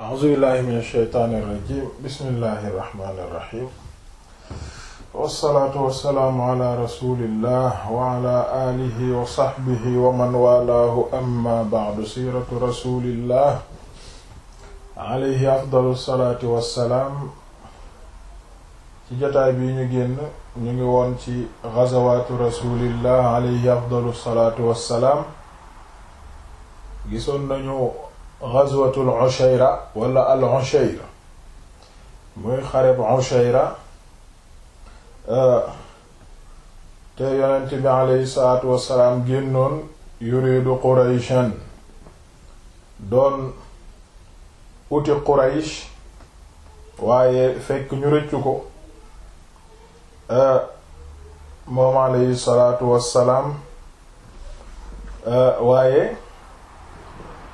a'uuzubillahi min ashaytaani irrajim bismillahi irrahmani irrahim wassalaatu wassalaamu ala rasulillah wa ala alihi wa sahbihi wa man walaahu amma ba'du siiratu rasulillah alayhi afdalu salaatu wassalaam ci jotaay bi ñu génn ñu ngi woon ci gazawaatu rasulillah alayhi afdalu salaatu wassalaam gisoon nañu ghazwatul Ushayra wala al Ushayra muy xareb Ushayra eh, te yonent bi aleyhi salaatu wassalaam génnoon yuridu Qurayshan doon uti Quraysh waaye fekk ñu rëccu ko eh, moom aleyhi salaatu wassalaam eh, waaye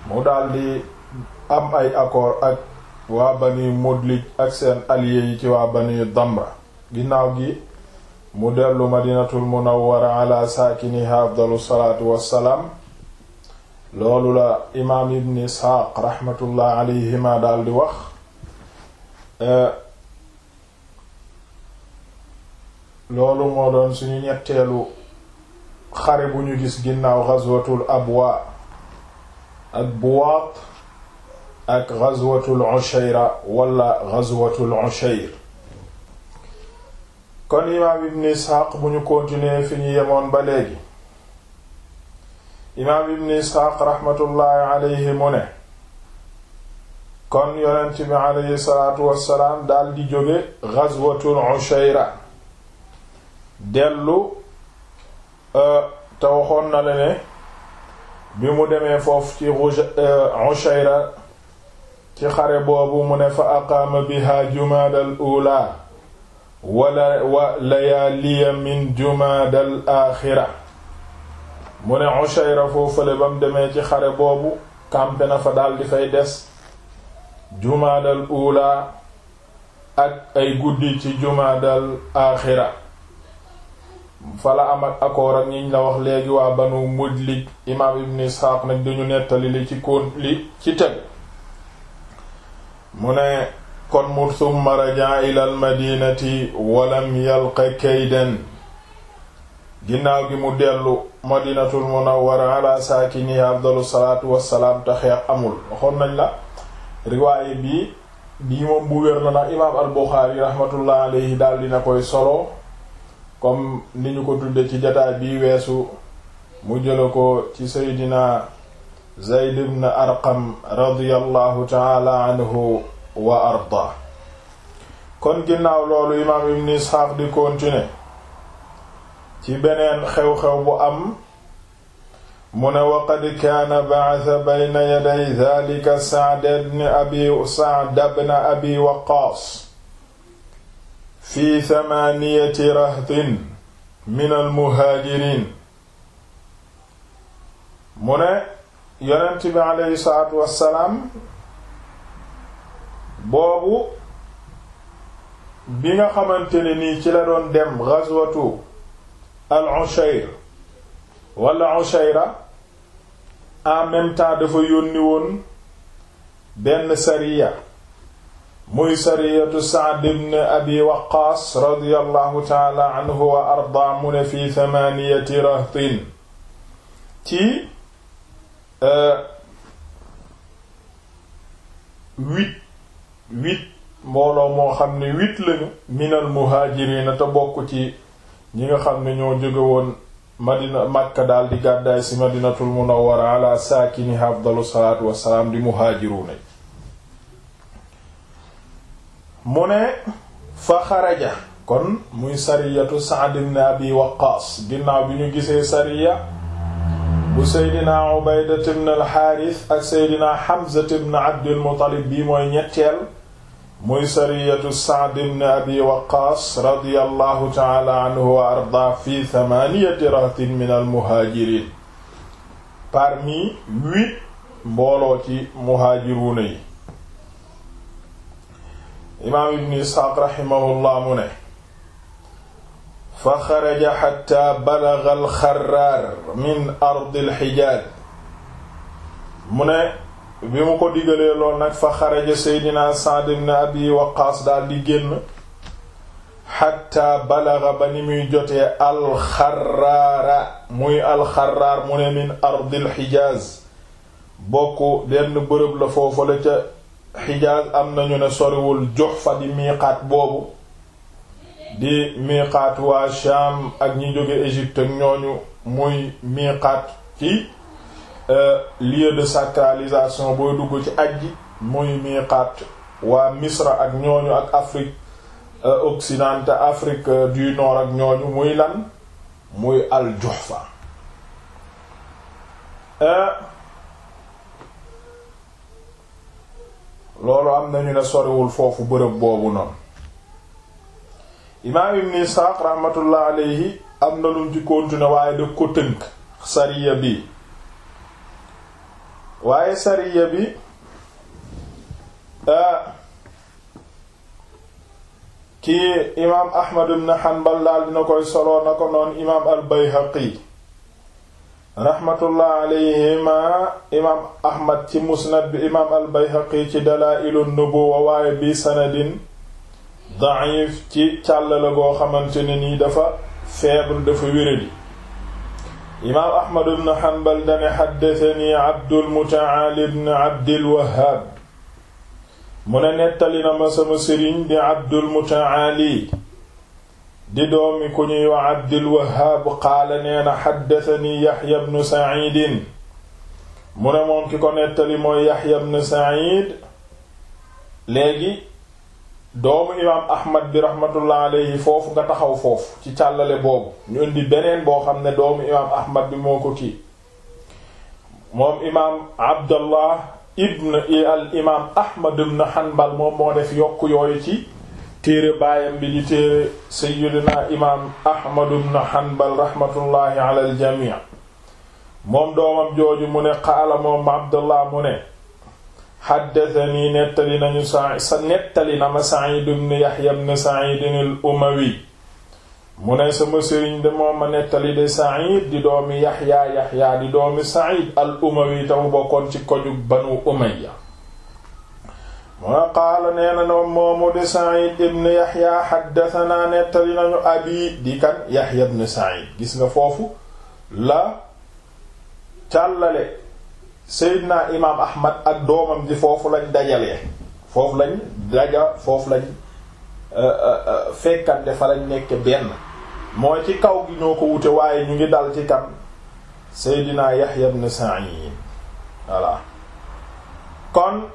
mu daldi am ay accord ak waa bani Mudlij ak seen alliés yi ci waa bani Damra ginnaaw gi mu dellu madinatul munawwara ala saakiniha afdalu salaatu wassalaam loolu la imaam ibn Isxaaq raxmatullah daldi wax loolu moo doon suñu ñetteelu xare bu ñu gis ginnaaw ghazwatul abwa ak Buwaat ak ghazwatul Ushayra wala ghazwatul Ushayr kon imaam ibn Isxaaq bu ñu continuer fi ñu yemoon ba léegi imaam ibn Isxaaq raxmatullaahi alayhi mu ne kon yonent bi alayhi salaatu wassalaam dal di jóge ghazwatul Ushayra dellu euh, te waxoon na la ne bi mu demee foofu ci euh, Ushayra ci xare boobu mu ne fa aqaama biha jumaada al ula wala wa layaaliya min jumaada al axira mu ne Ushayra foofale ba mu demee ci xare boobu campé na fa dal di fay des jumaadal ula ak ay guddi ci jumaadal axira fala am ak accord ak ñiñ la wax léegi waa banu mudlij imaam ibn isxaaq nag dañu nettali li ci koon li ci teg mu ne kon mu summa rajaa ila al madinati walam yalqa kaydan ginnaaw gi mu dellu madinatul munawwara ala saakini afdalu salaatu wassalaam te xeex amul waxoon nañ la riwaaye bii bii moom bu wér na ndax imaam al buxaari rahmatullah alayhi daal dina koy solo comme ni ñu ko tudde ci jataay bi weesu mu jëla ko ci seydina zayd ibn arqam radiyallahu taala anhu wa arda kon ginnaaw loolu imaam ibn isxaaq di continuer ci beneen xew-xew bu am mu ne waqad kaana ba'atha bayna yaday dhalika sa'd ibn abi sa'd ibn abi waqqaas fi thamaniyati rahtin min almuhaajiriin mu ne yonent bi aleyhi salaatu boobu bi nga xamantane nii ci la doon dem ghazwatu al Ushayr wala Ushayra en même temps dafa yónni woon benn sariya muy sariyatu Sa'd ibn Abi Waqqaas radiyallahu taala anhu wa arda mu ne fi thamaniyati rahtin ci euh, huit huit mbooloo moo xam ne huit lañu minal muhaajiriina te bokk ci ñi nga xam ne ñoo jóge woon madina Makka daal di gàddaay ci madinatul munawwara ala saakini afdalu salaatu wassalaam di muhaajiruuna mu ne fa xaraja kon muy sariyatu Sa'd ibn Abi Waqqaas ginnaaw bi ñu gisee sariya bu seydina Ubayda ibn al-Haaris ak seydina Hamza ibn Abdul Muttalib bi mooy ñetteel muy sariyatu Sa'd ibn Abi Waqqaas radiyallahu ta'ala anhu wa ardaa fi thamaniyati rahtin min al-muhaajiriin parmi huit mbooloo ci muhaajiruna yi imaam ibn isxaaq raximahullah mu ne fa xaraja xatta balaga alxaraar min ardi alxijaaz mu ne bi mu ko digalee lool nag fa xaraja seydina Sa'd ibn abi waqaas daal di génn xatta balaga ba ni muy jotee alxaraara muy alxaraar mu ne min ardi alxijaaz bokk benn bërëb la foofu la ca Xijaaz am nañu ne soriwul Juhfa di miiqaat boobu di miiqaat waa Shaam ak ñi jóge Égypte ak ñooñu muy miiqaat ci euh, lieu de sacralisation booy dugg ci aj ji muy miiqaat waa Misra ak ñooñu ak Afrique euh, occidentale Afrique euh, du Nord ak ñooñu muy lan muy al Juhfa loolu am nañu ne soriwul foofu bërëb boobu noonu imaam ibn Isaaq rahmatullah alayhi am na lum ci continuer waaye da ko tënk sariya bi waaye sariya bi ah, ki imaam Ahmad ibn Hanbal daal dina koy soloo na ko noonu imaam al Bayhaqi raxmatullah alayhima imaam ahmad ci musnad bi imaam albayhaqi ci dalaa'ilu nubuwa waaye bi sanadin da'if ci càll la goo xamante ni nii dafa faible defu wéradi imaam ahmad ibn hanbal dane xaddasani abdul mutaali ibn abdil wahaab mu ne nettali na ma sama di abdul mutaali di doomi ku ñuy wa Abdul Wahhab qaala nee na xaddatani Yaxya mu ne moom ki ko nettali mooy Yaxya ibn Saciid léegi doomu imaam Ahmad bi rahmatullah alayhi foofu nga taxaw foofu ci càllale boobu ñu indi beneen boo xam ne doomu imaam Ahmad bi moo ko kii moom imaam Abdallah ibn al imaam Ahmad ibn Hanbal moom moo def yokku yooyu ci téere baayam bi di téere sayyidina imaam Ahmad ibn Hanbal rahmatullahi ala aljami moom doomam jooju mu ne qaala moom Abdullah mu ne xaddatani nettali nañu sa nettali na ma Sa'id ibn Yahya ibn Sa'id al-Umawi mu ne sama sëriñ de moom ma nettali de Sa'id di doomi Yahya Yahya di doomi Sa'id al-Umawi tamu bokkoon ci kojug Banu Umayya moo qaala nee na noom moomu di Sa'id ibn Yahya xaddatanaa nettali nañu abi di kan Yahya ibn Sa'id gis nga foofu la càllale Seydina imaam Ahmad ak doomam ji foofu lañ dajale foofu lañ daja foofu lañ euh, euh, euh, fekkante fa lañ nekk benn mooy ci kaw gi ñoo ko wute waaye ñu ngi dal ci kan Seydina Yahya ibn Sa'id voilà kon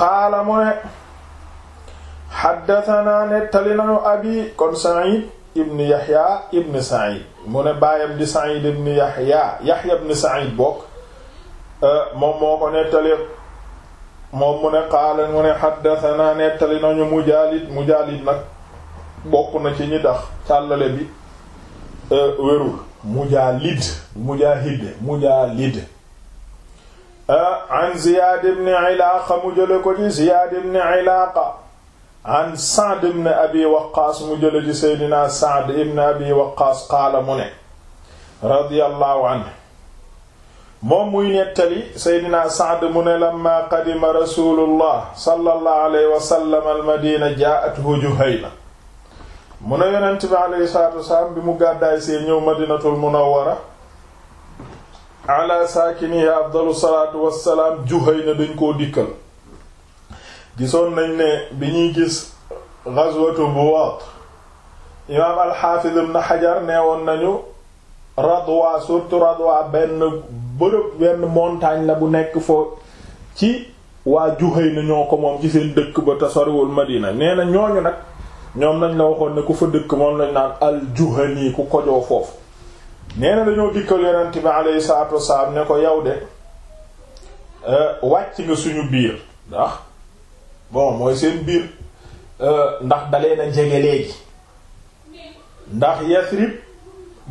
qaala mu ne xaddatanaa nettali nañu abi kon Sa'id ibn Yahya ibn Sa'id mu ne baayam di Sa'id ibn Yahya Yahya ibn Sa'id bokk euh, moom moo ko nettali moom mu ne qaala mu ne xaddatanaa nettali nañu Mujaalid Mujaalid nag bokk na ci ñi tax càllale bi euh, wérul Mujaalid Mujaahid Ah, an Ziyaad ibn Ilaaqa mu jële ko ci Ziyaad ibn Ilaaqa an Sa'd ibn Abi Waqqaas mu jële ci Seydina Sa'd ibn Abi Waqqaas qaala mu ne radiyallahu anhu moom muy nettali Seydina Sa'd mu ne lamma qadima Rasuulullah sallallahu alayhi wa sallam al-Madiina jaa'athu Juhayla mu ne Yonent bi alayhi salaatu wa salaam bi mu gàddaay see ñëw Madinatul Munawwara ala saakiniha afdalu salaatu wassalaam Juhayna dañ koo dikkal gisoon nañ ne bi ñuy gis ghazwatu Buwaat imaam al-Hafiz ibn Hajar woon nañu Radwa surtout Radwa benn bërëb benn montagne la bu nekk foo ci waa Juhayna ñoo ko moom ci seen dëkk ba te soriwul Madina nee na ñooñu nag ñoom lañ la waxoon ne ku fa dëkk moom lañ naan al-Juhani ku kojoo foofu nee na dañoo dikkal yonent bi alayhi salaatu wasalaam ne ko yow de euh, wàcc nga suñu biir ndax bon mooy seen biir euh, ndax dalee na jege léegi ndax Yasrib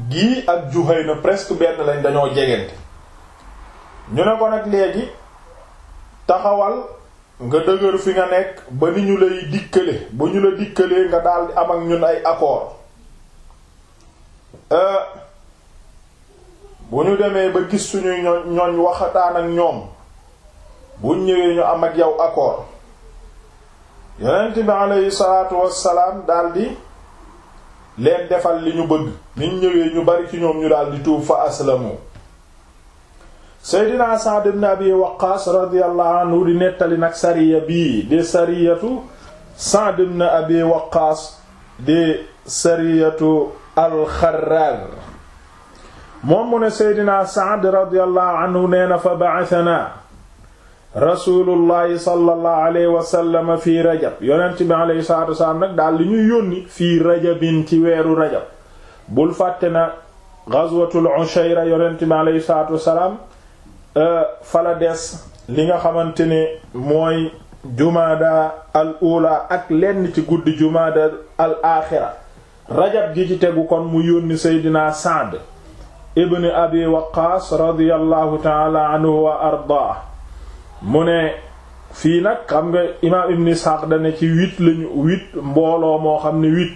gii ak Juhayna presque benn lañ dañoo jegante ñu ne ko nag léegi taxawal nga dëgër fi nga nekk ba ni ñu lay dikkale ba ñu la dikkalee nga daldi am ak ñun ay accord euh, bu ñu demee ba gis suñuy ñoñ waxtaan ak ñoom bu ñëwee ñu am ak yow accord yonent bi aleyhi salaatu wassalaam daldi leen defal li ñu bëgg niñ ñëwee ñu bari ci ñoom ñu daldi tuub fa aslamu seydina Sa'd ibn Abi Waqqas di nettali nag sariya bii di sariyatu Sa'd ibn Abi Waqqas di sariyatu al moom mu ne seydina saad radiyallahu anhu nee na fa ba'athanaa rasulullahi sallallahu alayhi wa sallam fii rajab yonent bi alayhi salaatu wasalaam nag daal li ñuy yónni fii rajabin ci weeru rajab bul fàtte na ghazwatul ushayra yonent bi alayhi salaatu wasalaam euh, fala des li nga xamante ne mooy jumaada al ula ak lenn ci guddi jumaada al aaxira rajab gi ci tegu kon mu yónni seydina saad ibn abi waqaas radiyallahu anhu wa ardaa mu ne fii nag xam nga imaam ibn isxaaq dane ci huit lañu huit mbooloo moo xam ne huit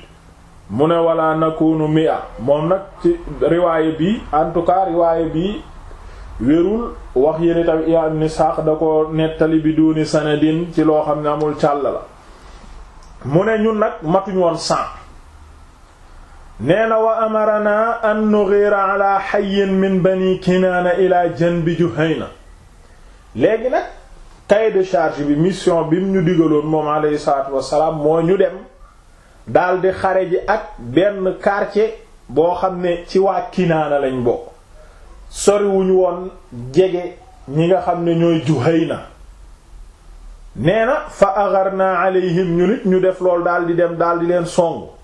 mu ne wala nakunu mia moom nag ci riwaaye bi en tout cas riwaaye bi wérul wax yéen itam imaam ibn isxaaq da ko nettali bi duuni sanadin ci loo xam ne amul càll la mu ne ñun nag matuñu woon nee na wa amarana an nughira ala hayyin min bani kinaana ila janbi juhayna léegi nag cahier de charge bi mission bi mu ñu digaloon moom alayhi salaatu wassalaam moo ñu dem daldi xare ji ak benn quartier boo xam ne ci waa kinaana lañ bokk soriwuñu woon jege ñi nga xam ne ñooy juhayna nee na fa agharna alayhim ñu nit ñu def lool daldi dem daldi leen songu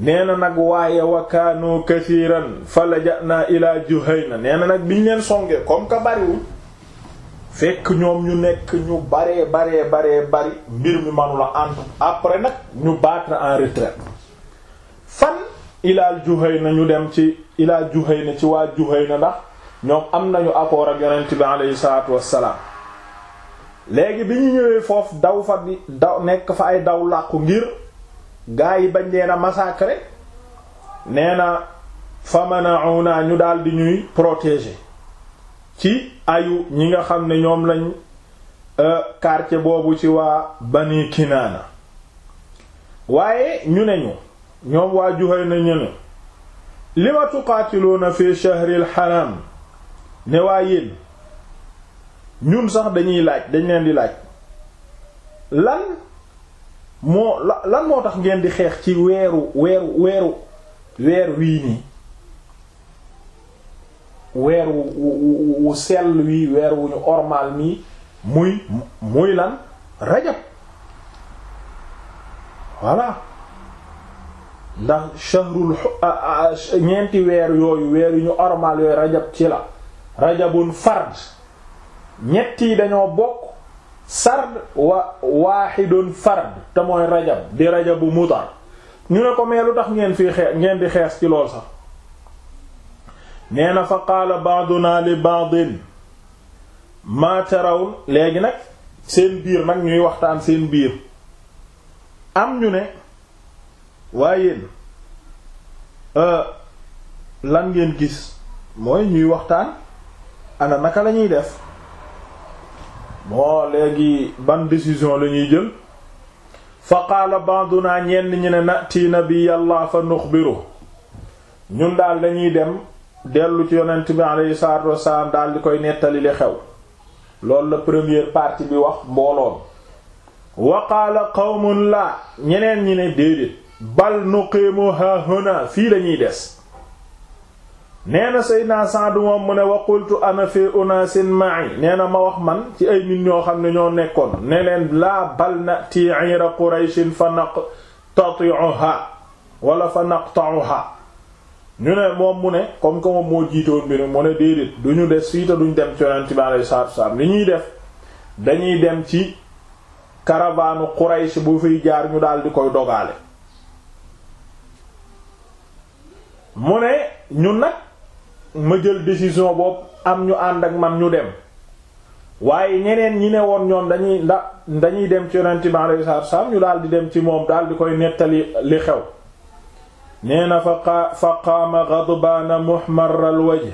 nee na nag waaye wakaano kathiran fa laja'na ila juhayna nee na nag biñ leen songee comme que bariwul fekk ñoom ñu nekk ñu baree baree baree bari mbir mi manula entre après nag ñu battre en retraite fan ila juhayna ñu dem ci ila juhayna ci waa juhayna ndax ñoom am nañu accord ak yonent bi aleyhi salatu wassalaam léegi bi ñu ñëwee foofu daw fa di daw nekk fa ay daw làqu ngir gaa yi bañ leen a massacrer nee na famanauna ñu daal di ñuy protéger ci ayu ñi nga xam ne ñoom lañ euh, quartier boobu ci waa Bani waaye ñu ne ñu ñoom waa Juhayna ñu ne lima tuqaatiluuna fi shahril haram ne waa yéen ñun sax dañuy laaj dañ leen di laaj lan moo la lan moo tax ngeen di xeex ci weeru weeru weeru weer wii nii weer wu wu sell wii weer wu ñu ormal mii muy muy lan rajab voilà ndax shahrul ñeenti weer yooyu weer yu ñu ormal yooyu rajab ci la rajabun fard ñett yi dañoo bokk sard wa waaxidun fard te mooy rajab di rajabu mutar ñu ne ko mais lu tax ngeen fi xee ngeen di xees ci lool sax nee na fa qaala ba'duna li ba'din ma tarawn léegi nag seen biir nag ñuy waxtaan seen biir am ñu ne waaye yéen euh, lan ngeen gis mooy ñuy waxtaan ana naka lañuy def moo léegi ban décision la ñuy jël fa qaala naa ñenn ñi ne na nati nabiyallah fa nuxbiru ñun daal lañuy dem dellu ci yonent bi aleyhi salaatu wasalaam daal di koy nettali li xew loolu la première partie bi wax mbooloon wa qaala qawmun laa ñeneen ñi ne déedéet bal nuqiimu ha fii lañuy des nee seyna Seydina Sa'd moom mu ne wa qultu ana fi unasin ma'i nee ma wax man ci ay nit ñoo xam ne ñoo nekkoon ne leen laa bal na ti ira qurayshin fa naqta'uha wala fa naqta'uha ñu ne moom mu ne comme que moo jiitoon bi mu ne déedéet du ñu des fii te duñ dem ci yonent bi alayhi li ñuy def dañuy dem ci karavaanu Quraysh bu fiy jaar ñu daal di koy dogaale mu ne ñun nag ma jël décision boobu am ñu ànd ak man ñu dem waaye ñeneen ñi ne woon ñoom dañuy ndax dañuy dem ci yonent bi alayhi salaatu ñu daal di dem ci moom daal di koy nettali li xew nee na fa qaama ghadbaana muhmarral wajh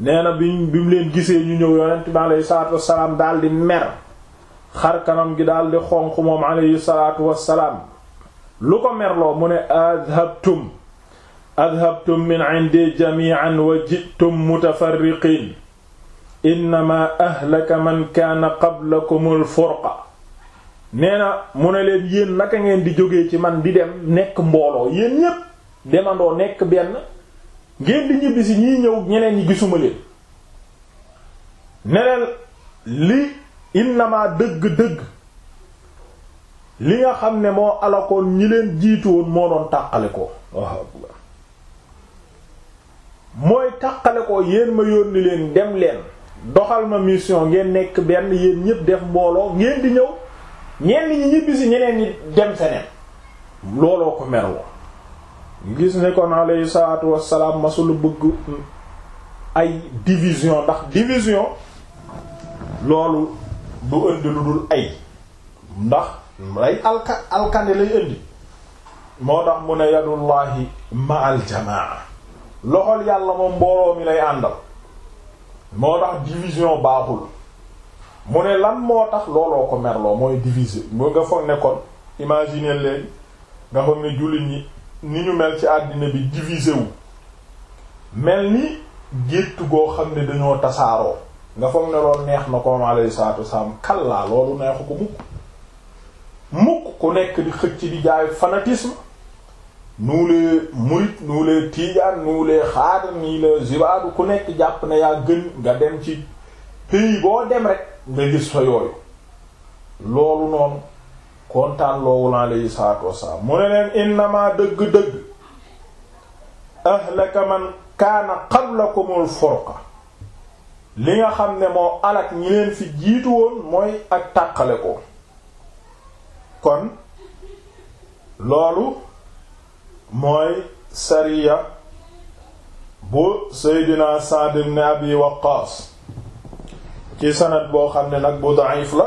nee na bi bi mu leen gisee ñu ñëw yonent bi alayhi salaatu wassalaam mer xar kanam gi daal xonq moom alayhi salaatu wassalaam lu ko merloo mu ne adhabtum adhabtum min indi jamiican wa ji'tum mutafarriqiin innamaa ahlaka man kaana qablakumul furqa nee na mu ne leen yéen naka ngeen di jóge ci man di dem nekk mbooloo yéen ñépp demandoo nekk benn ngeen di ñibbi si ñëw ñeneen ñi gisuma leen ne leen li innamaa dëgg-dëgg li nga xam ne moo alakoon ñi leen jiituwoon moo doon tàqale ko mooy taqale ko yéen ma yónni leen dem leen doxal ma mission ngeen nekk benn yéen ñëpp def mbooloo ngeen di ñëw ñenn ñi ñibbi si ñeneen ñi dem feneen looloo ko mer woon gis ne kon alayhi salaatu wassalaam masula bëgg ay division ndax division loolu du indi lu dul ay ndax lay alka alkande lay indi moo tax mu ne yadullahi ma al jamaa loxol yàlla moom mbooloo mi lay àndal moo tax division baaxul mu ne lan moo tax looloo ko merloo mooy diviser mu nga foog ne kon imaginer leen nga foog ne jullit ñi ni ñu mel ci àddina bi diviser wu mel ni gétt goo xam ne dañoo tasaaroo nga foog ne neex na ko alayhi salaatu wasalaam kallaa loolu neexu ko mukk mukk ku nekk di xëcc di jaay fanatisme nous les murit nous les tiijaan nous les xaadar nii ku nekk jàpp na yaa gën nga dem ci pays boo dem rek nga gis fa yooyu loolu noonu kontaan loowul alayhi salaatu wassalaam mu ne leen innama dëgg-dëgg ahlaka man kaana qablakumul furqa li nga xam ne moo alak ñi leen fi jiitu woon mooy ak tàqale ko kon loolu mooy sariya bu seydina Sa'd ibn Abi ci sanad boo xam ne nag bu da'if la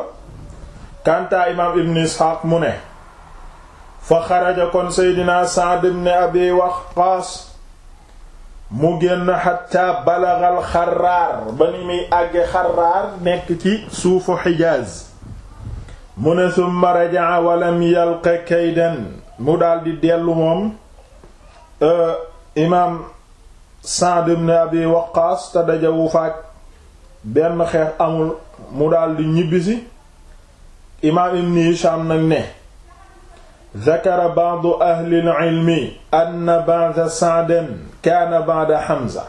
kanta imaam ibn Ishaq mu ne fa xaraja kon seydina Sa'd ibn Abi mu génn xatta balagal xaraar ba ni muy àgge xaraar nekk ci suufu Hijaaz mu ne summa raja'a walam yalqa kaydan mu daldi dellu moom Euh, imaam Sa'd ibn Abi Waqqaas te dajawu benn xeex amul mu daldi ñibbisi imaam Ibn Hisham nag ne dakara ba'du ahli al-ilmi anna ba'da Sa'd kaana ba'da Hamza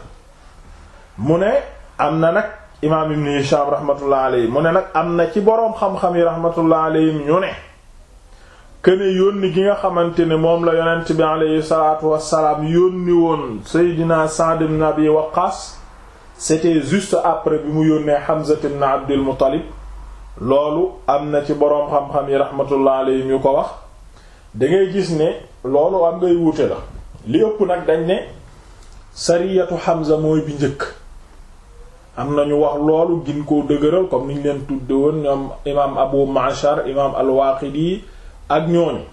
mu ne am na nag imaam Ibn Hisham rahmatullah alayhi mu ne nag am na ci boroom xam-xam yi rahmatullah alayhim ñu ne këne yónni gi nga xamante ne moom la yonent bi aleyhi salaatu wassalaam yónni woon Seydina Sa'd ibn Abi Waqqas c'était juste après bi mu yónnee Hamza ibn Abdul Muttalib loolu am na ci boroom xam-xam yi rahmatullah aleyhim yu ko wax dangay gis ne loolu am ngay wuute la li ëpp nag dañ ne sariyatu Hamza mooy bi njëkk am nañu wax loolu gin ko dëgëral comme niñ leen tudde woon ñoom imaam Abu Ma'shar imaam al-Waaqidi ak ñooñu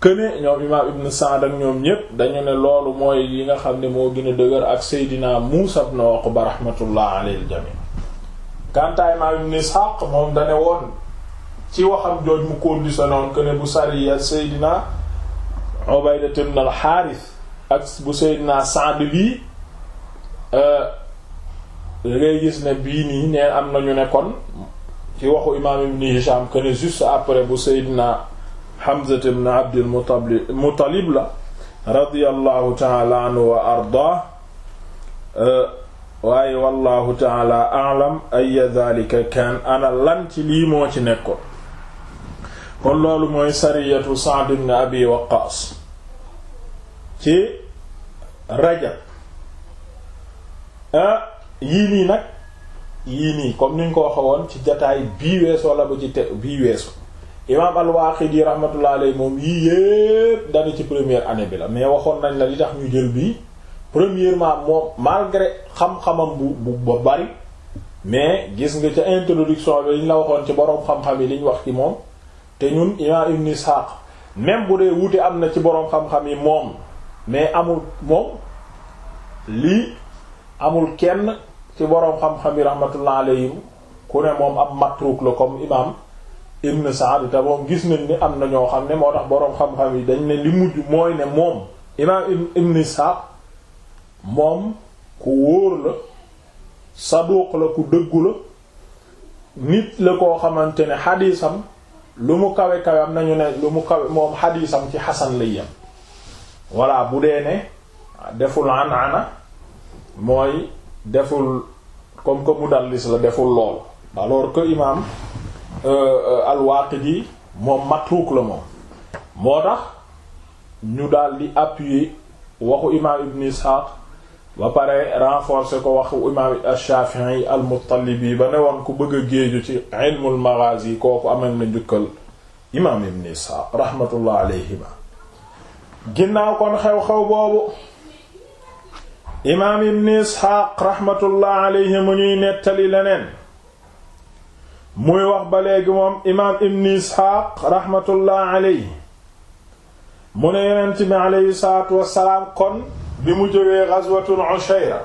këne ñoom imaam ibn Sa'd ak ñoom ñépp dañu ne loolu mooy yi nga xam ne moo gën a dëgër ak Seydina Muusa ibn Uqba rahmatullah alayhi jami' kantaa imaam ibn Ishaq moom dane woon ci waxam jooj mu conditionné woon këne bu sariya Seydina Ubayda ibn al-Harith ak bu Seydina Sa'd bii euh, da ngay gis ne bii nii neen am nañu ne kon ci waxu imaam ibn Hisham que ne juste après bu Seydina Hamza ibn Abdul Muttalib la radiyallahu taala anhu wa arda euh, waaye wallahu taala alam ay dhalika kaan ana lan ci lii moo ci nekkoon kon loolu mooy sariyatu Sa'd ibn Abi Waqqas ci Rajab ah, yii nii nag yii nii comme ni ñu ko waxe woon ci jataay bii weesu wala ba ci te bii weesu imaam al-Waaqidi rahmatullah alayhi moom yii yépp dana ci première année bi la mais waxoon nañ la li tax ñu jël bii premièrement moom malgré xam-xamam bu bu bari mais gis nga ca introduction bi liñ la waxoon ci boroom xam-xam yi liñ wax ci moom te ñun imaam Ibn Ishaq même bu dee wuute am na ci boroom xam-xam yi moom mais amul moom lii amul kenn ci boroom xam-xam yi rahmatullah alayhim ku ne moom ab matruuk la comme imam ibn Sa'd te moom gis nañ ni am na ñoo xam ne moo tax boroom xam-xam yi dañ ne li mujj mooy ne moom imam ibn Sa'd moom ku wóor la saduq la ku dëggu la nit la koo xamante ne xadiisam lu mu kawe kawe am nañu ne lu mu kawe moom xadiisam ci xasan la yem bu dee ne deful an ana mooy deful comme que mudallis la deful loolu alors que imaam euh, euh, al-Waaqidi moom matruuk la moom moo tax ñu daal di appuyer waxu imaam Ibn Ishaq ba pare renforcer ko waxu imaam ash-Shafi'i al-Muttalibi ba ne woon ku bëgg a géeju ci imaam Ibn Ishaq rahmatullah alayhima ginnaaw kon xew-xew boobu imaam ibn isxaaq raxmatullah mu ñuy nettali leneen muy wax ba léegi moom imaam ibn isxaaq raxmatullah alayhi mu ne yonent bi alayhi salaatu wassalaam kon bi mu jógee ghazwatul ushayra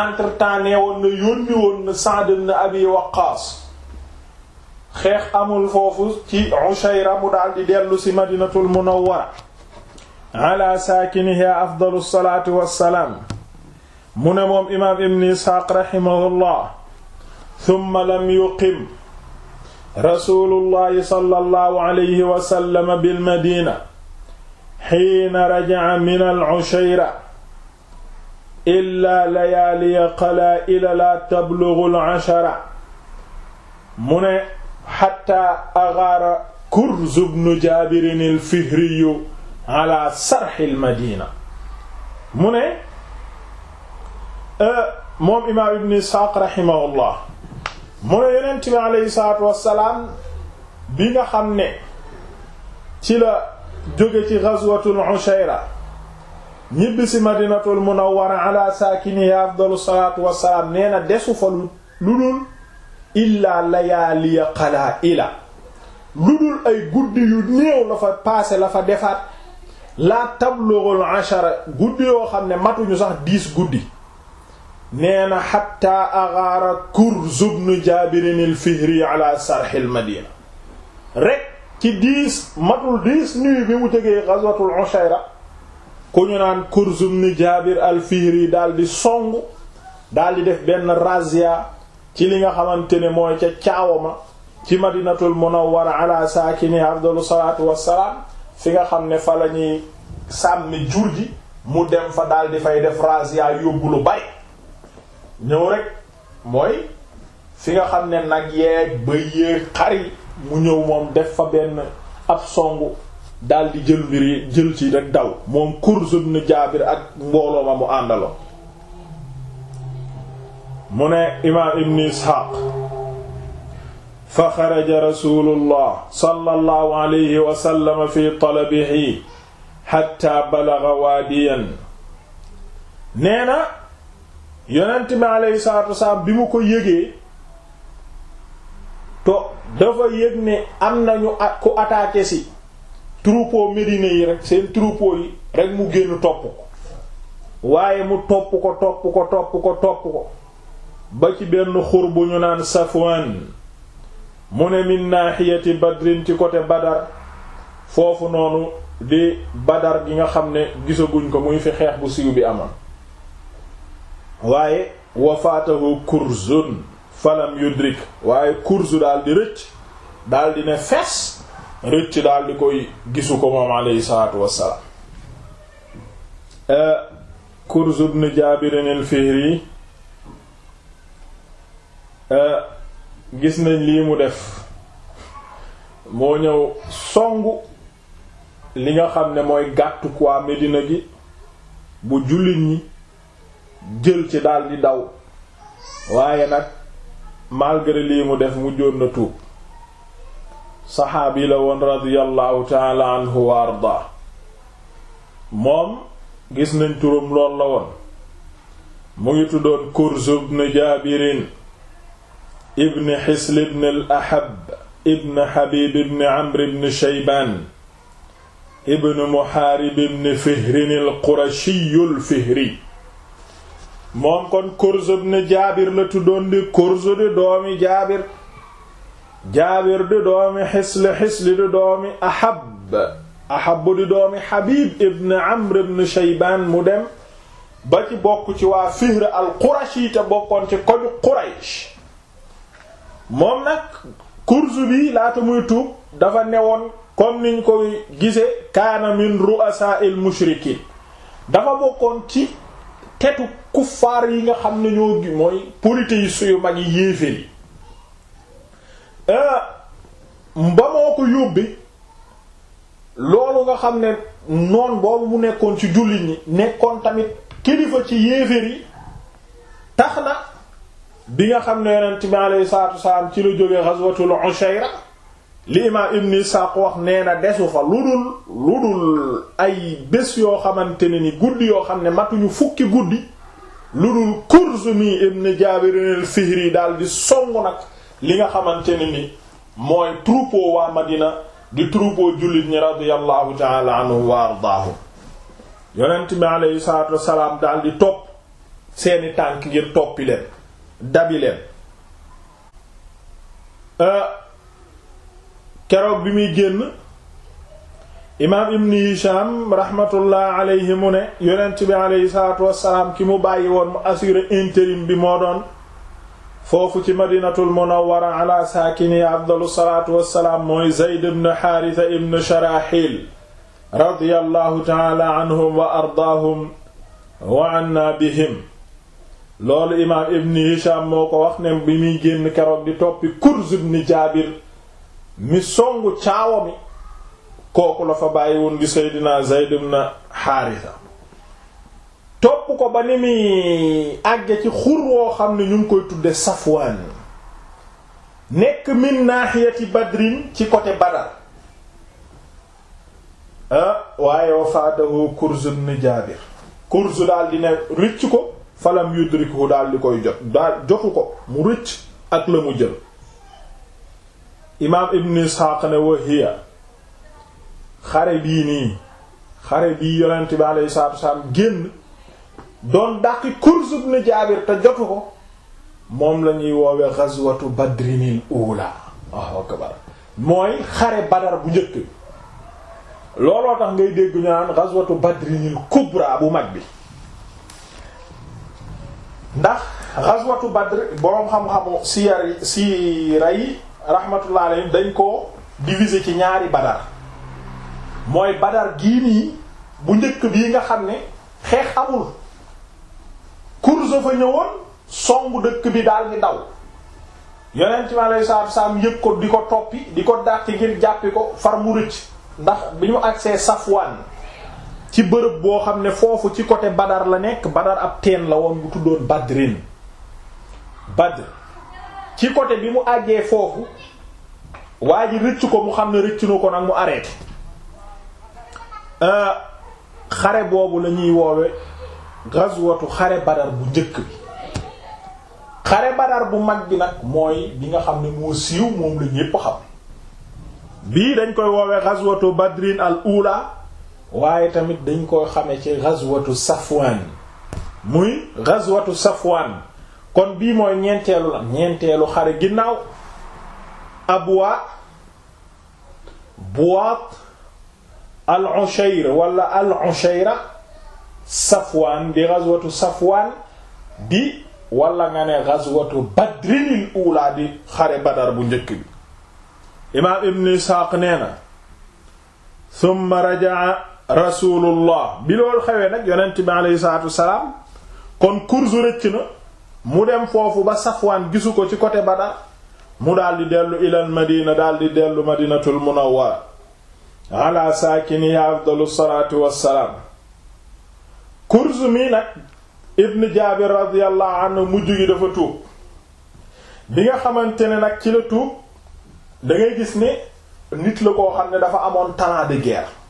entre temps nee woon na yónni woon na Sa'd abi waqaas xeex amul foofu ci ushayra mu daldi dellu ci madinatul munawwara ala saakiniha afdalu salaatu wassalaam mu ne moom imaam ibn isxaaq raximahullah tumma lam yuqim rasuulullahi sallallahu alayhi wasallam bilmadina xiina rajaca min al-ushayra illaa layaaliya qalaa'ila laa tablugu al-ashara mu ne xatta agaara kurz bnu jaabirin al-fihriyu ala sarxil madina mu ne euh, moom imaam ibn isxaaq raximahullah mu ne yonent bi bi nga xam ne ci la jóge ci gazwatul ushayra ñibbisi madinatul munawwara ala saakiniha afdalu salaatu wassalaam nee na desu fa lu dul illaa layaaliya qalaa ila lu dul ay guddi yu néew la fa paase la fa defaat la tablughul ashara guddi yoo xam ne matuñu sax diis guddi nee na xatta agaara Kurz ibn Jaabirin al-Fihri ala sarh al-Madina rek ci matul dix nuit bi mu jógee ghazwatul Ushayra ñu naan Kurz ibn Jaabir al-Fihri daal di song daal di def benn razzia ci li nga xamante ne mooy ca caawama ci Madinatul Munawwara ala saakini afdalu salaatu wassalaam fi nga xam ne fa la ñuy sàmmi jur ji mu dem fa daal di fay def rasia yóbbu lu bari ñëw rek mooy fi nga xam ne nag yeeg bëy yeeg xari mu ñëw moom def fa benn ab songu daal di jël mbir yi jël ci rek daw moom Kurz ibn Jaabir ak mbooloo ma mu àndaloon mu ne imaam Ibn Ishaq fa xaraja rasulullah sallallahu alayhi wa sallam fi talabihi xatta balaga nee na yonent bi aleyhi salatu wasalaam bi mu ko yëgee to dafa yëg ne am nañu ku attaqué si troupeau médine yi rek seen troupeau yi rek mu génn topp ko waaye mu topp ko topp ko topp ko ba ci benn xur bu ñu naan Safwan mu ne min naahiyati badrin ci côté badar foofu noonu di badar gi nga xam ne gisaguñ ko muy fi xeex bu siiw bi amoon waaye wafaatahu kurzun falam yudrik waaye kurzu daal di rëcc daal di ne fees rëcc daal di koy gisu ko moom aleyhi salaatu wassalaam euh, kurzu ibn jaabirin al gis nañ lii mu def moo ñëw songu li nga xam ne mooy gàttu waa Medina gi bu jullit ñi jël ci daldi daw waaye nag malgré lii mu def mujjoon na tuub saxaabi la woon radiyallahu taala anhu arda moom gis nañ turam lool la woon mu ngi tuddoon Kurz ibn Jaabirin ibn xisl ibn al ahab ibn habib ibn amr ibn shaybaan ibn muhaarib ibn fihrin al qurashiyul fihri moom kon kurz ibn jaabir la tuddoon di di doomi jaabir jaabir di doomi xisli xisli di doomi ahab ahab di doomi habib ibn amr ibn shaybaan mu dem ba ci bokk ci waa fihr al qurashi te bokkoon ci koju quraysh moom nag bi laata muy tuub dafa newoon comme niñ koy gise kaana min ru'asa'il mushrikiin dafa bokkoon ci tetu kuffaar yi nga xam ne ñoo gi mooy polythéistes yu mag yi yéeféri euh, ba moo ko yóbbi loolu nga xam ne noon boobu mu nekkoon ci jullit ñi nekkoon tamit kilifa ci yéeféri tax na bi nga xam ne yonent bi alayhi salaatu wasalaam ci la jóge ghazwatul Ushayra li imaam Ibn Isaaq wax nee na desu fa lu dul lu dul ay bés yoo xamante ne ni guddi yoo xam ne matuñu fukki guddi lu dul Kurzumi ibn Jaabir al-Fihri daal di songu nag li nga xamante ne ni mooy troupeau waa Madina di troupeau jullit ñi radiyallahu ta'ala anhu wa ardaahu yonent bi alayhi salaatu wasalaam daal di topp seeni tànk ngir toppi leen dabi euh, keroog bi muy génn imaam ibn hisham rahmatullah alayhi mu ne yonent ki mu bàyyi woon mu assuré intérim bi moo foofu ci madinatul munawwara ala saakini afdalu salaatu wassalaam mooy zayd ibn xaarisa ibn sharaxil radiyallahu taala anhum wa ardaahum wa anna bihim loolu imaam ibn Hisham moo ko wax ne bi muy génn keroog di toppi Kurz ibn Jaabir mi songu caawa mi kooku la fa bàyyi woon di Seydina Zayd ibn topp ko ba ni muy àgge ci xur woo xam ne ñu ngi koy tudde Safwaan nekk min naahiyati Badrin ci côté Badar ah waaye wafaatahu Kurz ibn Jaabir Kurz daal di ne rëcc ko falam yudrikhu daal di koy jot daal jotu ko mu rëcc ak la mu jël imaam ibn isxaaq ne wa hiya xare bii nii xare bii yonent bi alayhi salaatu wasalaam génn doon dàqi Kurz ibn Jaabir te jotu ko moom la ñuy woowe ghazwatu badrinil ula mooy xare badar bu njëkk looloo tax ngay dégg ñu naan badrinil kubra bu mag bi ndax ghazwatu Badr boroom xam-xamu siyar siira yi rahmatullahi alayhim dañ ko diviser ci ñaari Badar mooy Badar gii nii bu njëkk bii nga xam ne xeex amul course fa ñëwoon song dëkk bi daal di daw yonent mi alayhi salaatu salaam yëg ko di ko toppi di ko dàq ngir jàppi ko far mu rëcc ndax bi ñu agsee Safwaan ci bërëb boo xam ne foofu ci côté Badar la nekk Badar ab teen la woon bu tuddoon Badrin Badr ci côté bi mu àggee foofu waa ji rëcc ko mu xam ne rëcc na ko nag mu arrêté euh, xare boobu la ñuy woowe gazwatu xare Badar bu njëkk bi xare Badar bu mag bi nag mooy bi nga xam ne moo siiw moom la ñépp xam bii dañ koy woowe gazwatu Badrin al ula waaye tamit dañ koy xame ci ghazwatu Safwan muy ghazwatu Safwan kon bii mooy ñeenteelu la ñeenteelu xare ginnaaw Abwa Buwaat al-Ushayr wala al-Ushayra Safwan di ghazwatu Safwan di wala nga ne ghazwatu Badrinil ula di xare Badar bu njëkk bi imaam Ibn Isaaq nee na rajaa rasulullah bi loolu xewee nag yonent bi aleyhi salaatu wasalaam kon kursu rëcc na mu dem foofu ba safwaan gisu ko ci côté Badar mu daldi dellu ilal madina daldi dellu madinatul munawwara ala saakiniha afdalu salaatu wassalaam kursu mii nag ibn jaabir radiyallahu anhu mujj gi dafa tuub bi nga xamante ne nag ci la tuub da gis ni nit la koo xam ne dafa amoon talent di guerre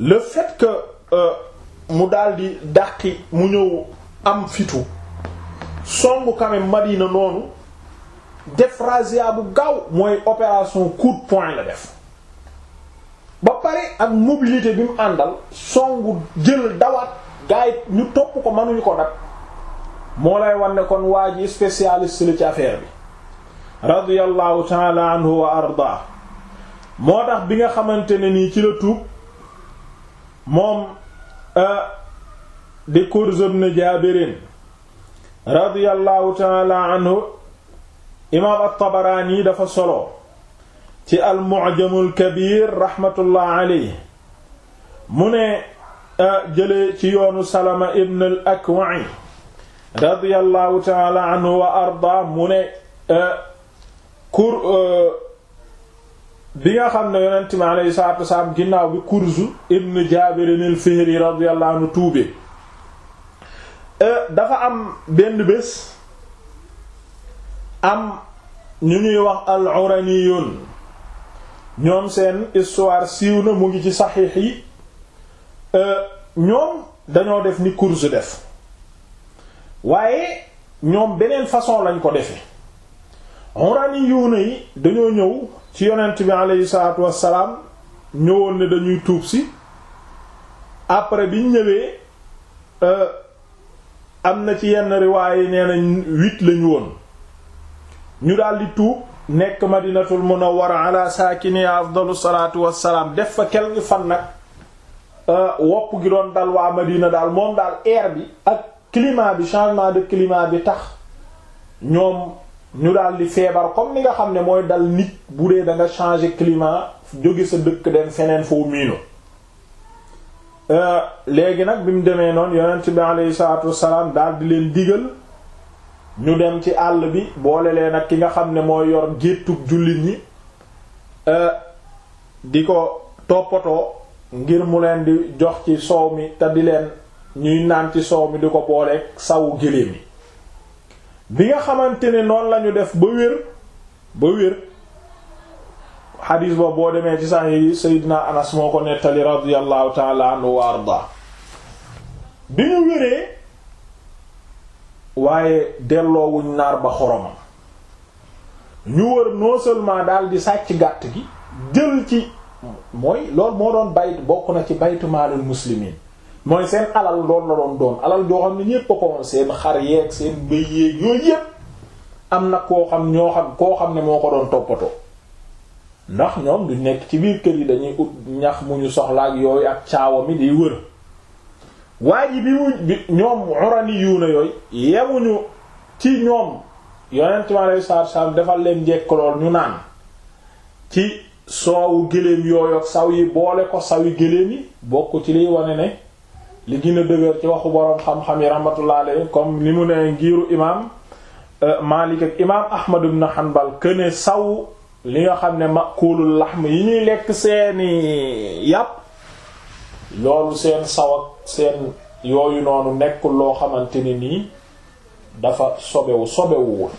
le que euh, mu daldi dàqi mu ñëw am fitu songu quand même Madina noonu def razzia bu gaaw mooy opération coup de la def ba pare ak mobilité bi mu àndal songu jël dawat gars ñu topp ko mënuñu ko nag moo lay wan ne kon waa ji spécialiste la ci affaire bi radiyallahu ta'ala anhu wa arda moo tax bi nga xamante ne nii ci la tuub moom euh, di Kurz ibn Jaabirin radiyallahu taala anhu imaam at-Tabaraani dafa solo ci al-Mu'jamul Kabiir rahmatullah alayhi mu ne euh, jëlee ci yoonu Salama ibn al-Akwa'i radiyallahu taala anhu wa arda mu ne euh, kur bi nga xam ne yonent mi alayhi salaatu wasalaam ginnaaw bi kurzu ibn Jaabir al-Fihri radiyallahu anhu tuube euh, dafa am benn bés am ñu ñuy wax al-Uraniyun ñoom seen histoire siiw na mu ngi ci saxiix yi euh, ñoom dañoo def ni kurzu def waaye ñoom beneen façon lañ ko defee urani yuuna yi dañoo ñëw ci yonent bi aleyhi salaatu wassalaam ñëwoon ne dañuy tuub si après biñ ñëwee euh, am na ci yenn riwaay yi nee nañ huit lañu woon ñu daldi tuub nekk madinatul munawwara ala saakini afdalu salaatu wassalaam def fa quelque fan nag euh, wopp gi doon dal waa madina daal moom daal air bi ak climat bi changement de climat bi tax ñoom ñu daal di feebar comme ni nga xam ne mooy dal nit bu dee da changer climat jóge sa dëkk dem feneen foo miino euh, léegi nag bi mu demee noonu yonent bi aleyhi salaatu wassalaam daal di leen digal ñu dem ci àll bi boole leen ak ki nga xam ne mooy yor géttug jullit ñi euh, di ko toppatoo ngir mu leen di jox ci soow mi te di leen ñuy naan ci soow mi di ko booleeg sawu géléem yi bi nga xamante ne noonu lañu def ba wér ba wér xadiis ba boo demee ci sax yi Seydina Anas moo ko nettali radiyallahu taala wa arda bi ñu wéree waaye delloowuñ naar ba xoromam ñu wër non seulement daal di sàcc gàtt gi jël ci mooy lool moo doon bayt bokk na ci baytu maalul muslimiin mooy seen alal loolu la doon doon alal joo xam ne ñépp a ko woon seen xar yeeg seen bëy yeeg yooyu yépp am na koo xam ñoo xam koo xam ne moo ko doon toppatoo ndax ñoom du nekk ci biir kër yi dañuy ut ñax mu ñu soxla yooyu ak caawa mi di wër waaye bi mu bi ñoom urani yu na yooyu yemuñu ci ñoom yonent mi alayhi salaatu salaam defal leen njekk lool ñu naan ci soowu gëléem yooyu ak saw yi boole ko sawi gëléem yi bokk ci liy wane ne li gën a dëgër ci waxu boroom xam-xam yi rahmatullah alayhi comme li mu ne ngiiru imaam euh, Maalik ak imaam Ahmad ibn Hanbal këne saw li nga xam ne makulul laxm yi ñuy lekk seeni yàpp loolu seen saw ak seen yooyu noonu nekkul loo xamante ni nii dafa sobewu sobewuwul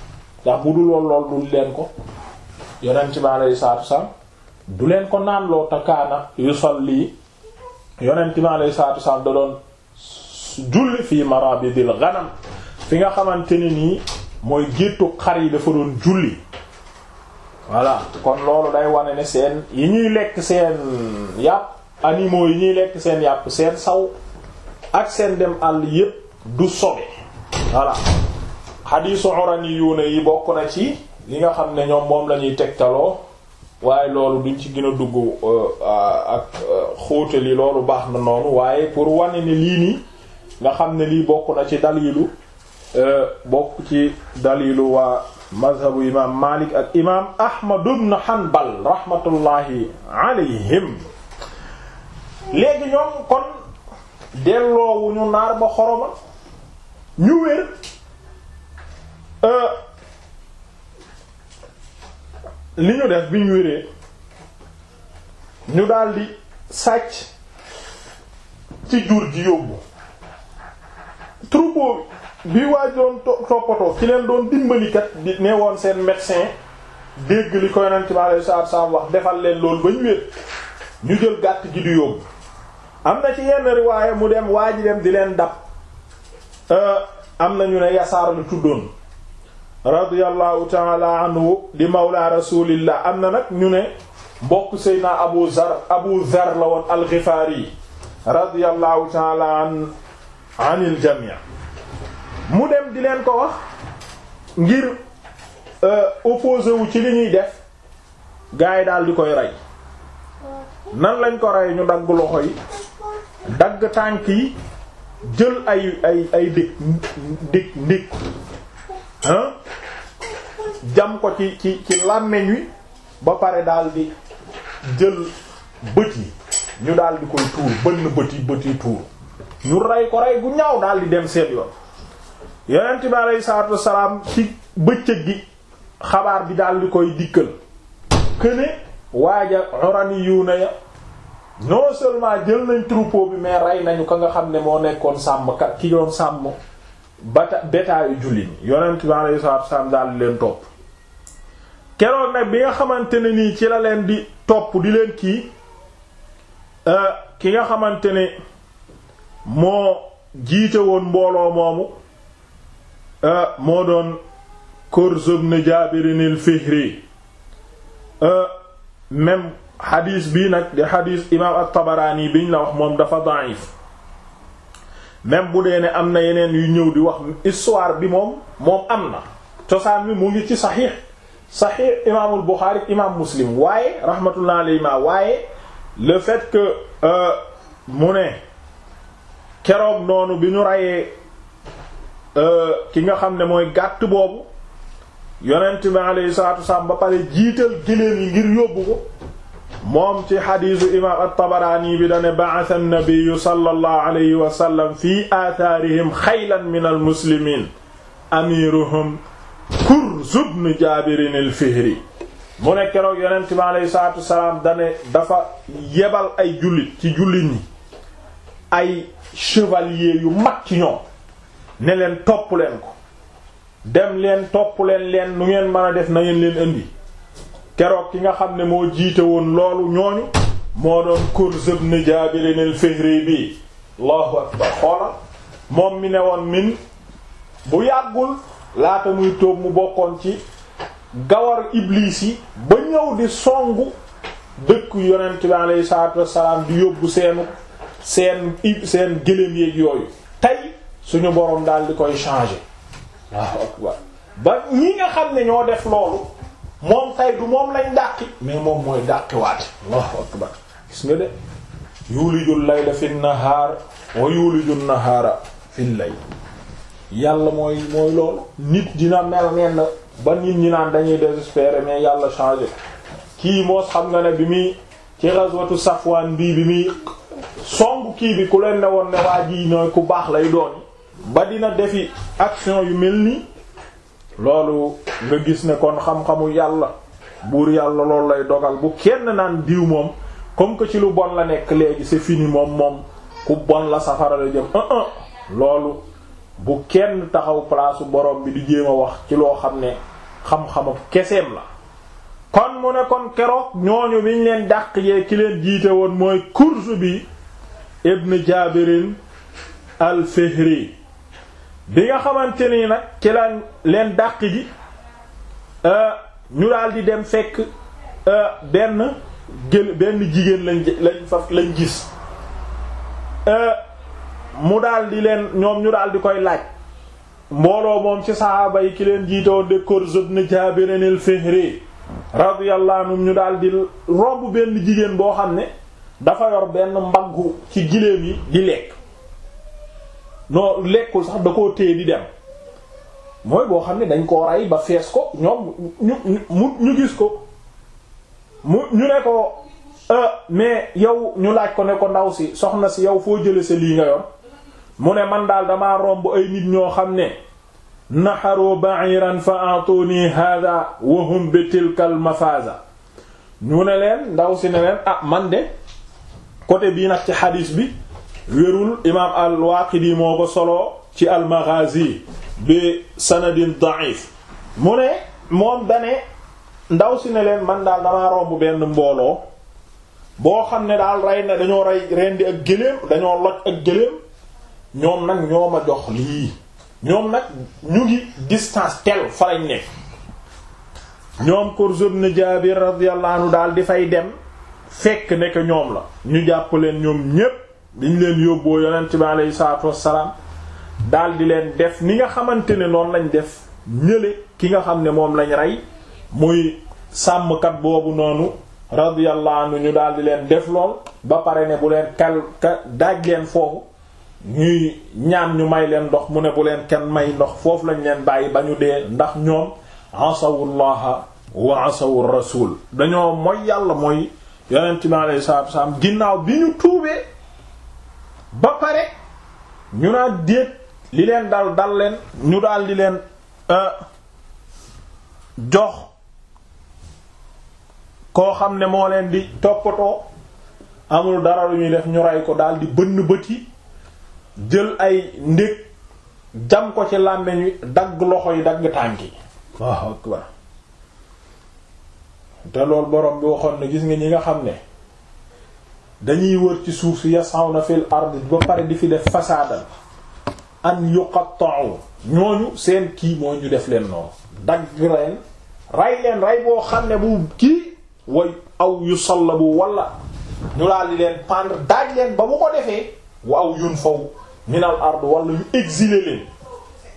ndax bu dul woon lool dul leen ko yonent bi alayhi salaatu wa salaam du leen ko naan loo takaana yusalli yonent mi alayhi salaatu wasalaam da doon julli fii marabidil ghanam fi nga xamante ne nii mooy géttu xar yi dafa doon julli voilà kon loolu day wane ne seen yi ñuy lekk seen yàpp animaux yi ñuy lekk seen yàpp seen saw ak seen dem àll yépp du sobe voilà xadiisu urani yuuna yi bokk na ci li nga xam ne ñoom moom la ñuy tegtaloo waaye loolu duñ ci gën a dugg euh, ak euh, xóotal yi loolu baax na noonu waaye pour wane ne lii nii nga xam ne lii bokk na ci dalilu euh, bokk ci dalilu waa mazhabu imam Malik ak imam Ahmad ibn Hanbal rahmatullahi alayhim léegi ñoom kon delloowuñu naar ba xoroma ñu wér li ñu def bi ñu wéree ñu daldi sàcc ci jur ji yóbbu troupeau bi waa doon toppatoo ci leen doon dimbalikat di ne woon seen médecin dégg li ko yonent bi alayhi salaatu salaam wax defal leen loolu ba ñu wér ñu jël gàtt gi di yóbbu am na ci yenn waaye mu dem waa ji dem di leen dab euh, am na ñu ne yasaar lu tuddoon radiyallahu taala anhu di mawla rasulillah am na nag ñu ne mbokk seydna abu zar abu zar la woon alxifaari radiyallahu taala anil jamii mu dem di leen ko wax ngir euh, opposé wu ci li ñuy def gars yi daal di koy rey nan lañ ko rey ñu dagg loxo yi dagg tànk yi jël ay ay ay dég dég ndég jam ko ci ci ci wi ba pare daal di jël bët yi ñu daal koy tuur bënn bët yi bët yi tuur ñu rey ko rey gu ñaw daal di dem seen yoon yonent bi aleyhi salaatu wasalaam ci bëccëg gi xabaar bi daal di koy dikkal këne waaja orani yu na ya non seulement jël nañ troupeau bi mais rey nañu ka nga xam ne moo nekkoon sàmmkat ki doon sàmm bata betaayu jullit ñi yonent bi alayhi salaatu wa daal leen topp keroog nag bi nga xamante ne nii ci la leen di topp di leen kii euh, ki nga xamante ne moo jiite woon mbooloo moomu euh, moo doon Kurz ibn Jaabir al-Fihri euh, même xadiis bii nag di xadiis imaam at-Tabaraani biñ la wax moom dafa da'if même bu dee ne am na yeneen yu ñëw di wax histoire bi moom moom am na cosaan bi mu ngi ci saxiix saxiix imaamul Buxaari imaam Muslim waaye rahmatullah alayhi ma waaye le fait que euh, mu ne keroog noonu bi ñu rayee euh, ki nga xam ne mooy gàtt boobu yonent bi alayhi salaatu wasallam ba pare jiital giléem yi ngir yóbbu ko moom ci xadiisu imaam at-Tabaraani bi dane ba'atha an-nabiyyu sallallahu alayhi wa sallam fii aathaarihim xaylan min al-muslimiin amiiruhum Kurz ibn Jaabirin al-Fihri mu ne keroog yonent bi alayhi salaatu wasalaam dane dafa yebal ay jullit ci jullit ñi ay chevalier yu mag ci ñoom ne leen topp leen ko dem leen topp leen leen nu ngeen mën a def na ngeen leen indi keroog ki nga xam ne moo jiite woon loolu ñooñu moo doon Kurz ibn Jaabir al-Fihri bi allahu akbar xoolal moom mi ne woon min bu yàggul laata muy tóob mu bokkoon ci gawar iblis yi ba ñëw di songu dëkk yonent bi alayhi salaatu wassalaam di yóbbu seenu seen seen gëléem yéeg yooyu tey suñu boroom daal di koy changer waaw ba ñi nga xam ne ñoo def loolu moom tay du moom lañ dàqi mais moom mooy dàqiwaate allahu akbar gis nga de yuulijul layla fi nahaar wa yuulijul nahaara fil layl yàlla mooy mooy loolu nit dina mel neen ba nit ñi naan dañuy désespérer mais yàlla changé kii moos xam nga ne bi muy ci ghazwatu Safwan bii bi muy song kii bi ku leen ne woon ne waa nooy ku baax lay doon ba dina defi action yu mel nii loolu nga gis ne kon xam-xamu yàlla buur yàlla loolu lay dogal bu kenn naan diw moom comme que ci lu bon la nekk léegi si fini moom moom ku bon la safara la jëm ah ah loolu bu kenn taxaw place borom bi di jéem a wax ci loo xam ne xam-xamu keseem la. kon mu ne kon keroog ñooñu biñ leen dàq yee ki leen jiite woon mooy kursu bi Ibn Jaabirin al-Fihri. bi nga xamante ni nag ci la leen dàq ji euh, ñu daal di dem fekk euh, benn gël benn jigéen lañ lañ fa lañ gis euh, mu dal di leen ñoom ñu daal di koy laaj mbooloo moom ci saxaaba yi ki leen jiitoo de Kurz ibn Jaabir al-Fihri radiyallahu anhu ñu daal di romb benn jigéen boo xam ne dafa yor benn mbaggu ci giléem yi di lekk non lekkul sax da koo téye di dem mooy boo xam ne dañ koo rey ba fees ko ñoom ñu mu ñu gis ko mu ñu ne ko euh, mais yow ñu laaj ko ne ko ndaw si soxna si yow foo jële sa lii nga yor mu ne man daal dama romb ay nit ñoo xam ne naxaru ba'iran fa atuni hadha wa hum bi tilka al mafaza ñu ne leen ndaw si ne leen ah man de côté bii nag ci xadiis bi wérul imaam al-Waaqidi moo ko soloo ci al-Maghaazi bi sanadin da'if mu ne moom dane ndaw si ne leen man daal damaa romb benn mbooloo boo xam ne daal rey na dañoo rey rendi ak gëléem dañoo loj ak gëléem ñoom nag ñoo ma jox lii ñoom nag ñu ngi distance tel fa lañ nekk ñoom Kurz ibn Jaabir radiyallahu daal di fay dem fekk ne ñoom la ñu jàpp leen ñoom ñépp biñ leen yóbboo yonent bi aleyhi salaatu wassalaam daal di leen def ni nga xamante ne noonu lañ def ñële ki nga xam ne moom lañ rey muy sàmmkat boobu noonu radiyallahu anhu ñu daal di leen def lool ba pare ne bu leen kal ka daaj leen foofu ñuy ñaan ñu may leen ndox mu ne bu leen kenn may ndox foofu lañ leen bàyyi ba ñu dee ndax ñoom asawullaha wa asawu rasul dañoo mooy yàlla mooy yonent bi aleyhi salaatu wassalaam ginnaaw bi ñu tuubee ba pare ñu naan déet li leen dal dal leen ñu daal di leen euh, jox koo xam ne moo leen di toppatoo amul dara lu ñuy def ñu rey ko daal di bënn bët yi jël ay ndég jam ko ci làmmeñ wi dagg loxo yi dagg tànk yi waaw te loolu borom bi waxoon na gis nga ñi nga xam ne dañuy wër ci suuf si yasawna fil ard ba pare di fi def fasaadal an yuqatta'u ñooñu seen kii mooy ñu def leen noonu dagg leen rey leen rey boo xam ne bu kii way aw yusallabu wala ñu laal di leen pendre daaj leen ba bu ko defee wa aw yunfaw minal ard wala ñu exiler leen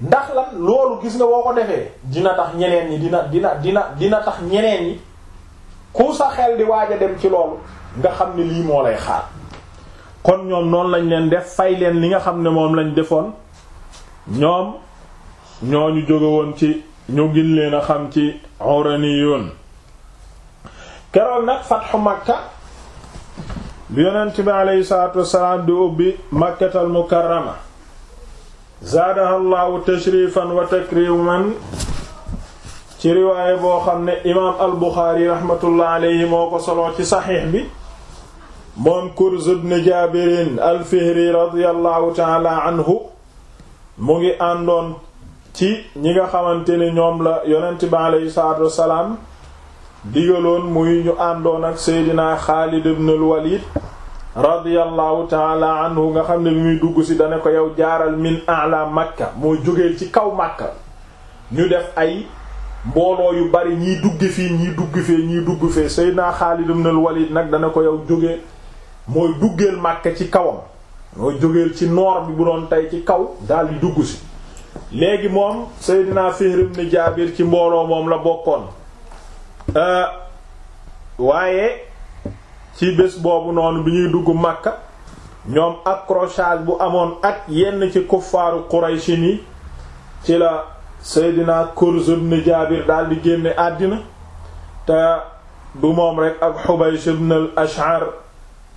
ndax lan loolu gis nga boo ko defee dina tax ñeneen yi dina dina dina dina tax ñeneen yi ku sa xel di waaja dem ci loolu nga xam ne lii moo lay xaar kon ñoom noon lañ leen def fay leen li nga xam ne moom lañu defoon ñoom ñoo ñu jógewoon ci ñu gin leen a xam ci uraniyun keroog nag fatxu makka bi yonent bi aleyhi salaatu wassalaam di ubbi makkatal mukarrama zaadaha llaahu tashrifan wa takriman ci riwaaye boo xam ne imaam al buxaari rahmatullah aleyhi moo ko soloo ci saxiix bi moom Kurz ibn Jaabirin al-Fihri radiyallahu taala anhu mu ngi àndoon ci ñi nga xamante ni ñoom la yonent bi aleyhi salaatu wassalaam digaloon muy ñu àndoon ak Seydina Xaalid ibn al-Walid radiyallahu taala anhu nga xam ne bi muy dugg ci dana ko yow jaaral min a'la Makka moo jógee ci kaw Makka ñu def ay mbooloo yu bari ñii dugg fii ñiy dugg fii ñiy dugg fee Seydina Xaalid ibn al-Walid nag dana ko yow jóge mooy duggeel Makka ci kawam mooy jógeel ci noor bi bu doon tey ci kaw daal di dugg si léegi moom Seydina Fihr ibn Jaabir ci mbooloo moom la bokkoon euh, waaye ci bés boobu noonu bi ñuy dugg màkk ñoom accrochage bu amoon ak yenn ci kuffaaru Quraysh yi ci la Seydina Kurz ibn Jaabir daal di génne àddina te du moom rek ak Hubaysh ibn ashar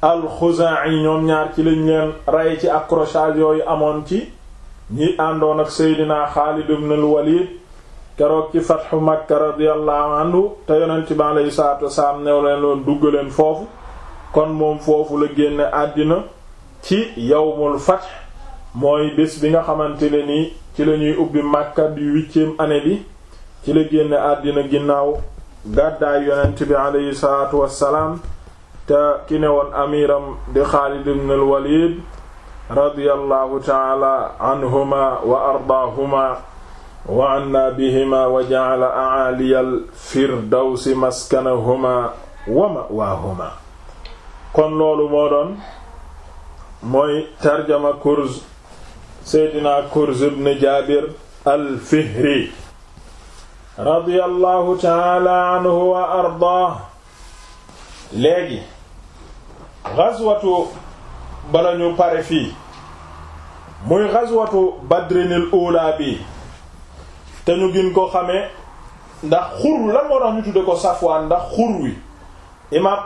alxuzaa'i ñoom ñaar ci lañ leen rey ci accrochage yooyu amoon ci ñi àndoon ak seydina xaalid ibn al walid keroog ci fatxu makka radiyallahu anhu te yonent bi aleyhi salaatu wasalaam new leen loon duggaleen foofu kon moom foofu la génne àddina ci yawmul fatx mooy bés bi nga xamante ne ni ci la ñuy ubbi makka du huitième année bi ci la génne àddina ginnaaw gàddaay yonent bi aleyhi salaatu wasalaam te ki ne woon amiram di Xaalid ibn al Walid radiyallahu taala anhuma wa ardaahuma wa anna bihima wa ja'ala a'aliyal firdawsi maskanahuma wa ma'waahuma kon loolu moo doon mooy tarjama Kurz Seydina Kurz ibn Jaabir al Fihri radiyallahu taala anhu wa ardaahu léegi ghazwatu bala ñu pare fii muy ghazwatu badrinil ula bi te ñu gën ko xamee ndax xur lan moo tax ñu tudde ko safwaan ndax xur wi imaam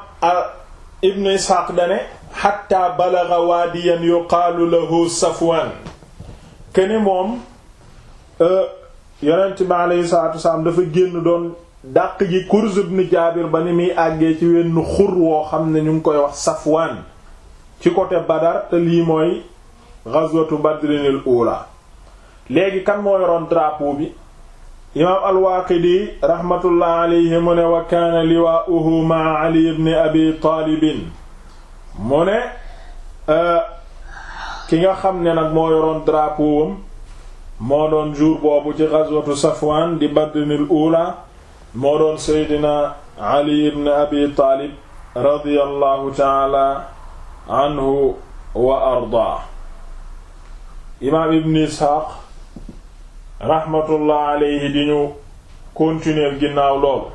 ibn isxaaq dane xatta balaga waadiyan yuqaalu lahu safwaan kene moom euh, yonent bi aleyhi salaatu wasalaam dafa génn doon dàq ji Kurz ibn Jaabir ba ni muy àggee ci wenn xur woo xam ne ñu ngi koy wax Safwaan ci côté Badar te lii mooy ghazwatu Badrinil ula léegi kan moo yoroon drapeau bi imaam al-Waaqidi rahmatullah mu ne wa kaana liwaa'uhu ma'a Ali ibn Abi Taalib mu ne euh, ki nga xam ne nag moo yoroon drapeau am moo doon jour boobu ci ghazwatu Safwaan di Badrinil ula moo doon seydina ali ibn abi taalib radiyallahu taala anhu wa ardaa imaam ibn isxaaq raxmatullah aleyhi di ñu continuer ginnaaw loolu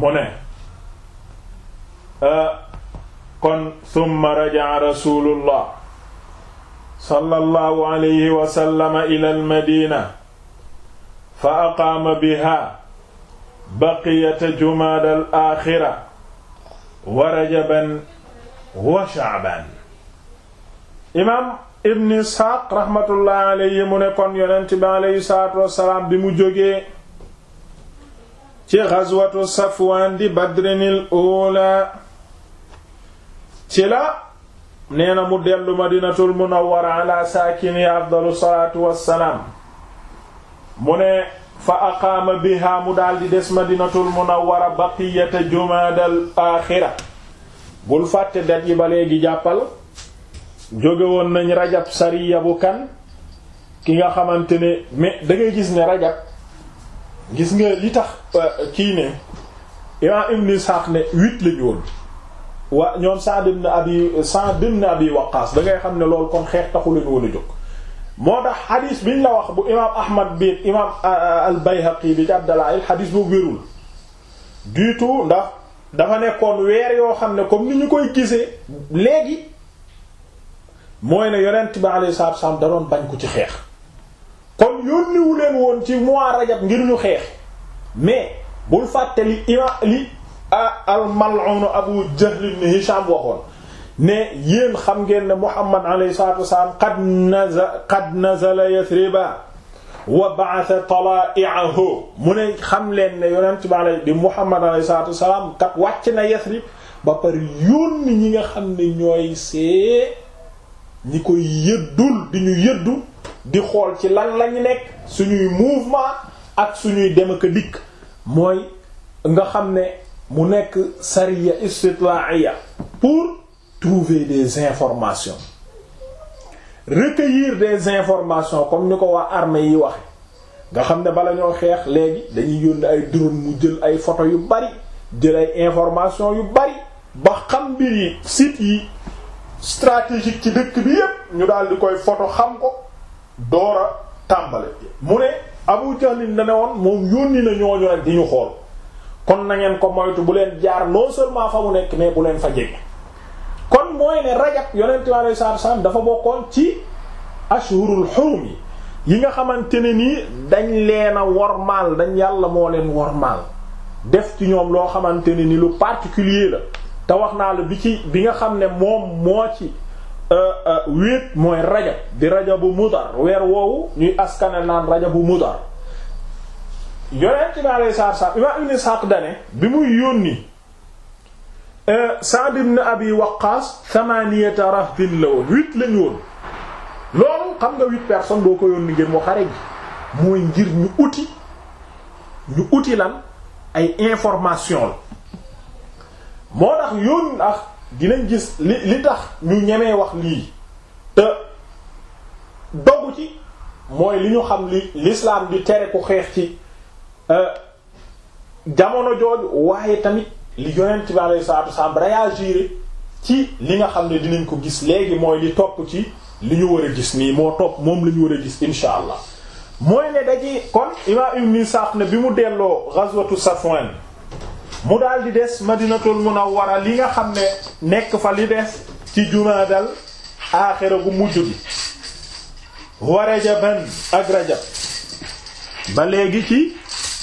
mu ne euh, kon summa rajaca rasulullah sallallahu alayhi wa sallam ila almadina fa aqaama biha baqiyata jumaadal aaxira wa rajaban wa sha'ban imaam ibn isxaaq raxmatullahi alayhi mu ne kon yonent bi alayhi salaatu wassalaam bi mu jógee ci gazwatu safwaan di badrinil ula ci la nee na mu dellu madinatul munawwara ala saakini afdalu salaatu wassalaam mu ne fa aqaama biha mu daal di des madinatul munawwara baqiyata jumaadal aaxira bul fàtte dat yi ba léegi jàppal jóge woon nañ rajab sariya bu kan ki nga xamante ne mais dangay gis ne rajab gis nga li tax euh, kii ne imaam ibn Ishaq ne huit lañu woon waa ñoom Sa'd ibn Abi Sa'd ibn Abi Waqqas da ngay xam ne lool kon xeex taxu lañu woon jóg moo tax xadis biñ la wax bu imaam Ahmad bii imaam euh, euh, al-Bayhaqi bi ci Abdallah il xadis bu wérul du tout ndax dafa nekkoon weer yoo xam ne comme ni ñu koy gisee léegi mooy ne yonent bi alayhi salaatu wasallam da bañ ko ci xeex kon yónniwu leen woon ci mois rajab ngir ñu xeex mais bul fàtte li imaam li euh, al mal'un Abu Jahl Hisham waxoon ne yéen xam ngeen ne Muhammad alayhi salaatu wasalaam qad nazala qad nazala Yathriba wa ba'atha talaa'i'ahu mu ne xam leen ne yonent bi alayhi bi Muhammad alayhi salaatu wasalaam kat wàcc na Yathrib ba pare yónni ñi nga xam ne ñooy see ñi koy yëddul di ñu yëddu di xool ci lan lañu nekk suñuy mouvement ak suñuy dem ak dikk mooy nga xam ne mu nekk sariya istitla'iya pour trouver des informations recueillir des informations comme ni ko waa arme yi wax nga xam ne bala ñoo xeex léegi dañuy yónni ay drone mu jël ay photo yu bari jël ay information yu bari ba xam mbir yi sites yi stratégique ci dëkk bi yépp ñu daal di koy photo xam ko door a tàmbale mu ne Abu Jahlin da ne woon moom yónni na ñooñu di ñu xool kon na ngeen ko moytu bu leen jaar non seulement fa mu nekk mais bu leen fa jege mooy ne rajab yonent bi alayhi salaatu wasalaam dafa bokkoon ci ashhurul hurum yi yi nga xamante ne nii dañ leen a wormaal dañ yàlla moo leen wormaal def ci ñoom loo xamante ne ni lu particulier la te wax naa la bi ci bi nga xam ne moom moo ci euh, euh, wéet mooy rajab di rajabu mudar weer woowu ñuy askane naan rajabu mudar yonent bi alayhi salaatu wasalaam imaam ibn Sa'd dane bi muy yónni Euh, Sa'd ibn Abi Waqqas thamaniyata rahtin la woon huit lañu woon loolu xam nga huit personnes doo ko yónni ngir mu xare ji mooy ngir ñu uti ñu uti lan ay information la moo tax yoon ndax dinañ gis li li tax ñu ñemee wax lii te ci mooy li ñu xam li l'islam di tere ku xeex ci euh, jamono jooju waaye tamit li yonent bi alayhi salaatu salaam réagir ci li nga xam ne dinañ ko gis léegi mooy li topp ci li ñu war a gis nii moo topp moom lañu ñu a gis insha allah mooy ne daji kon imaam ibn Isaaq ne bi mu delloo ghazwatu Safwan mu daal di des madinatul wara li nga xam ne nekk fa li des ci jumaadal aaxira gu mujj bi wa rajaban ak rajab ba léegi ci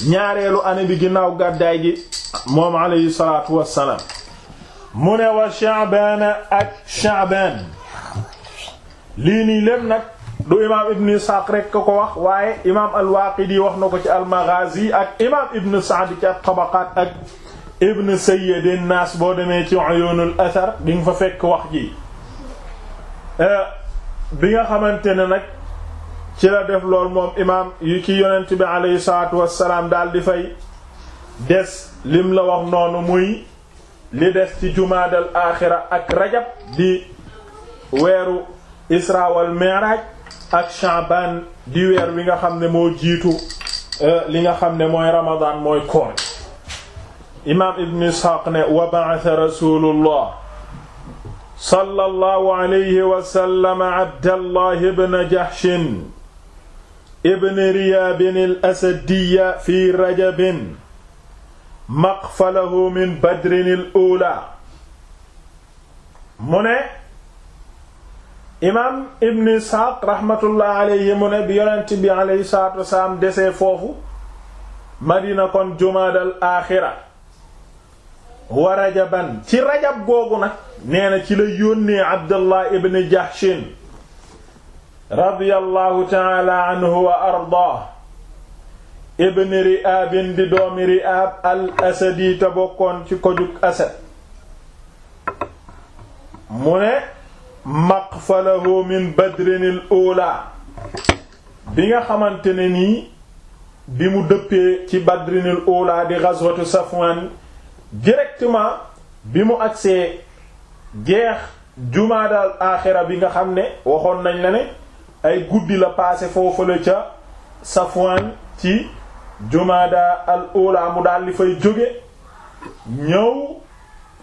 ñaareelu année bi ginnaaw gàddaay gi moom alayhi salaatu wassalaam mu ne wa Sha'bana ak Sha'ban lii nii lépp nag du imaam Ibn Isxaaq rek ko wax waaye imaam al wax na ko ci al-Maghaazi ak imaam Ibn Sa'd ci at ak Ibn Sayyid naas boo demee ci Uyuunul Athar di fa fekk wax ji eh, bi nga xamante ne nag ci la def lool moom imaam yi ci yonent bi alayhi salaatu wassalaam daal di fay. des lim la wax noonu muy li des ci jumaadal aaxira ak rajab di weeru isra wal ak sha'ban di weer wi nga xam ne moo jiitu euh, li nga xam ne mooy ramadan mooy imaam ibn isxaaq ne wa ba'atha rasulullah sallallahu alayhi wa sallam abdallah ibn jahshin ibn riyaab al fi rajabin maqfalahu min badrinil ula mu ne imaam ibn isxaaq rahmatullah alayhi mu ne bi yonent bi alayhi salaatu wasalaam desee foofu madina kon jumaadal aaxira wa rajaban ci rajab googu nag nee na ci la yónnee abdullah ibn jahshin radiyallahu taala anhu wa ardaa ibn ri'aabin di doomi ri'aab al asadi te bokkoon ci kojug asad mu ne maqfalahu min badrinil ula bi nga xamante ne nii bi mu dëppee ci badrinil ula di ghazwatu safwan directement bi mu agsee jeex jumaadal aaxira bi nga xam ne waxoon nañ la ne ay guddi la paase foofu la ca safwan ci jumaada al ula mu daal di fay jóge ñëw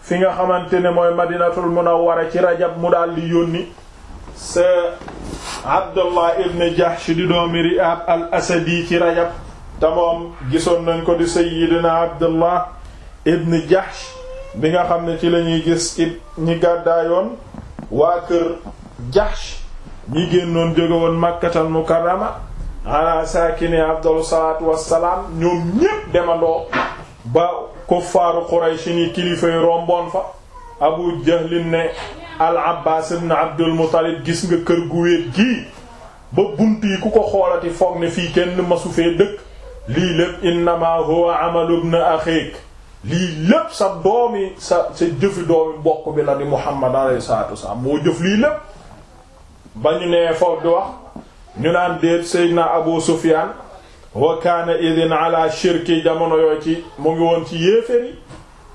fi nga xamante ne mooy madinatul munawwara ci rajab mu daal di yónni sa abdullah ibn jahsh di doomi riab al asadi ci rajab te moom gisoon nañ ko di sayyidina abdullah ibn jahsh bi nga xam ne ci lañuy gis it ñi gàddaayoon waa kër jahsh ñi génnoon jóge woon makkatal mukarrama ala saakini afdalu salaatu wassalaam ñoom ñépp demandoo ba kuffaaru Quraysh ni kilifa fa Abu Jahlin ne al Abbaas Abdul Muttalib gis nga kër gu wéet gii ba bunt yi ku ko xoolati foog ne fii kenn masu fee dëkk lii lépp innama huwa amalu ibn lii lépp sa doomi sa sa jëfi doomi bokk bi la di Muhammad alayhi salaatu wassalaam moo jëf lii lépp ba ñu nee foofu di wax ñu naan déet Seydina Abu Sufyaan wa kaana idin ala jamono yoo ci mu ngi woon ci yéeféri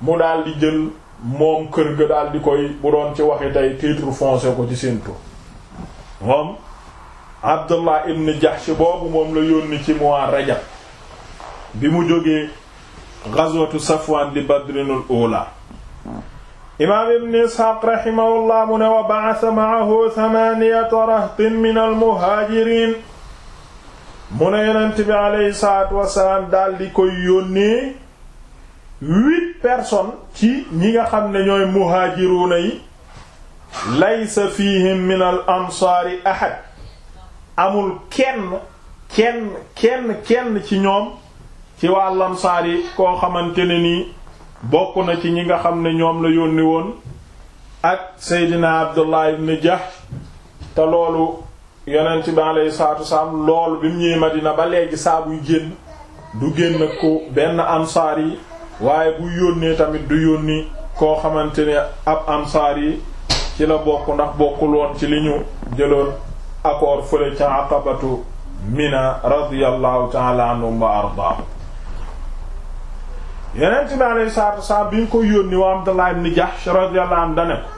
mu daal di jël moom kër ga daal koy bu doon ci waxi tey titre foncé ko ci seen tur moom Abdullah ibn Jahsh boobu moom la yónni ci mois Rajab bi mu jógee ghazwatu Safwan di Badrinul Ula imaam ibn isxaaq raximahullah mu ne wa ba'asa ma'ahu thamaniyata rahtin min almuhaajiriin mu ne yonent bi aleyhi salaatu wasalaam daal di koy yónnee huit ci ñi nga xam ne ñooy muhaajiruuna yi laysa fihim min al ahad amul kenn kenn kenn kenn ci ñoom ci waa lansaar koo xamante ne nii bokk na ci ñi nga xam ne ñoom la yónni woon ak Seydina Abdullah ibn te loolu yonent bi alayhi salaatu wasalaam loolu bi mu ñëwee Madina ba léegi saa buy génn du génn ku benn ansaar yi waaye bu yónnee tamit du yónni koo xamante ne ab ansaar yi ci la bokk ndax bokkul woon ci li ñu jëloon accord fële ca aqabatu mina radiyallahu ta'ala anhum yonent bi alayhi salaatu wasalaam bi ñu ko yónni waa Abdullah ibn Jahsh radiyallahu anhu dane ko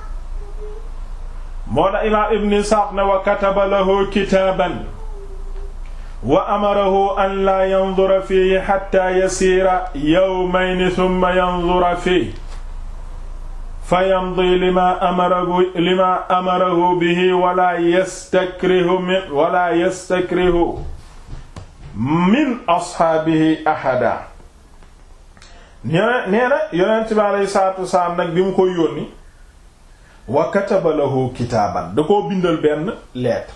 moo na imaam ibn Isxaaq ne wa kataba lahu kitaaban wa amarahu an laa yanzura fiihi xatta yasiira yawmayni summa yanzura fiihi fa yamdi lima amarahu lima amarahu bihi wala yastakrihu min wala yastakrihu min asxaabihi axada neena nee na yonent bi aleyhi salaatu nag bi mu koy yónni wa kataba lahu kitaaban da koo bindal benn lettre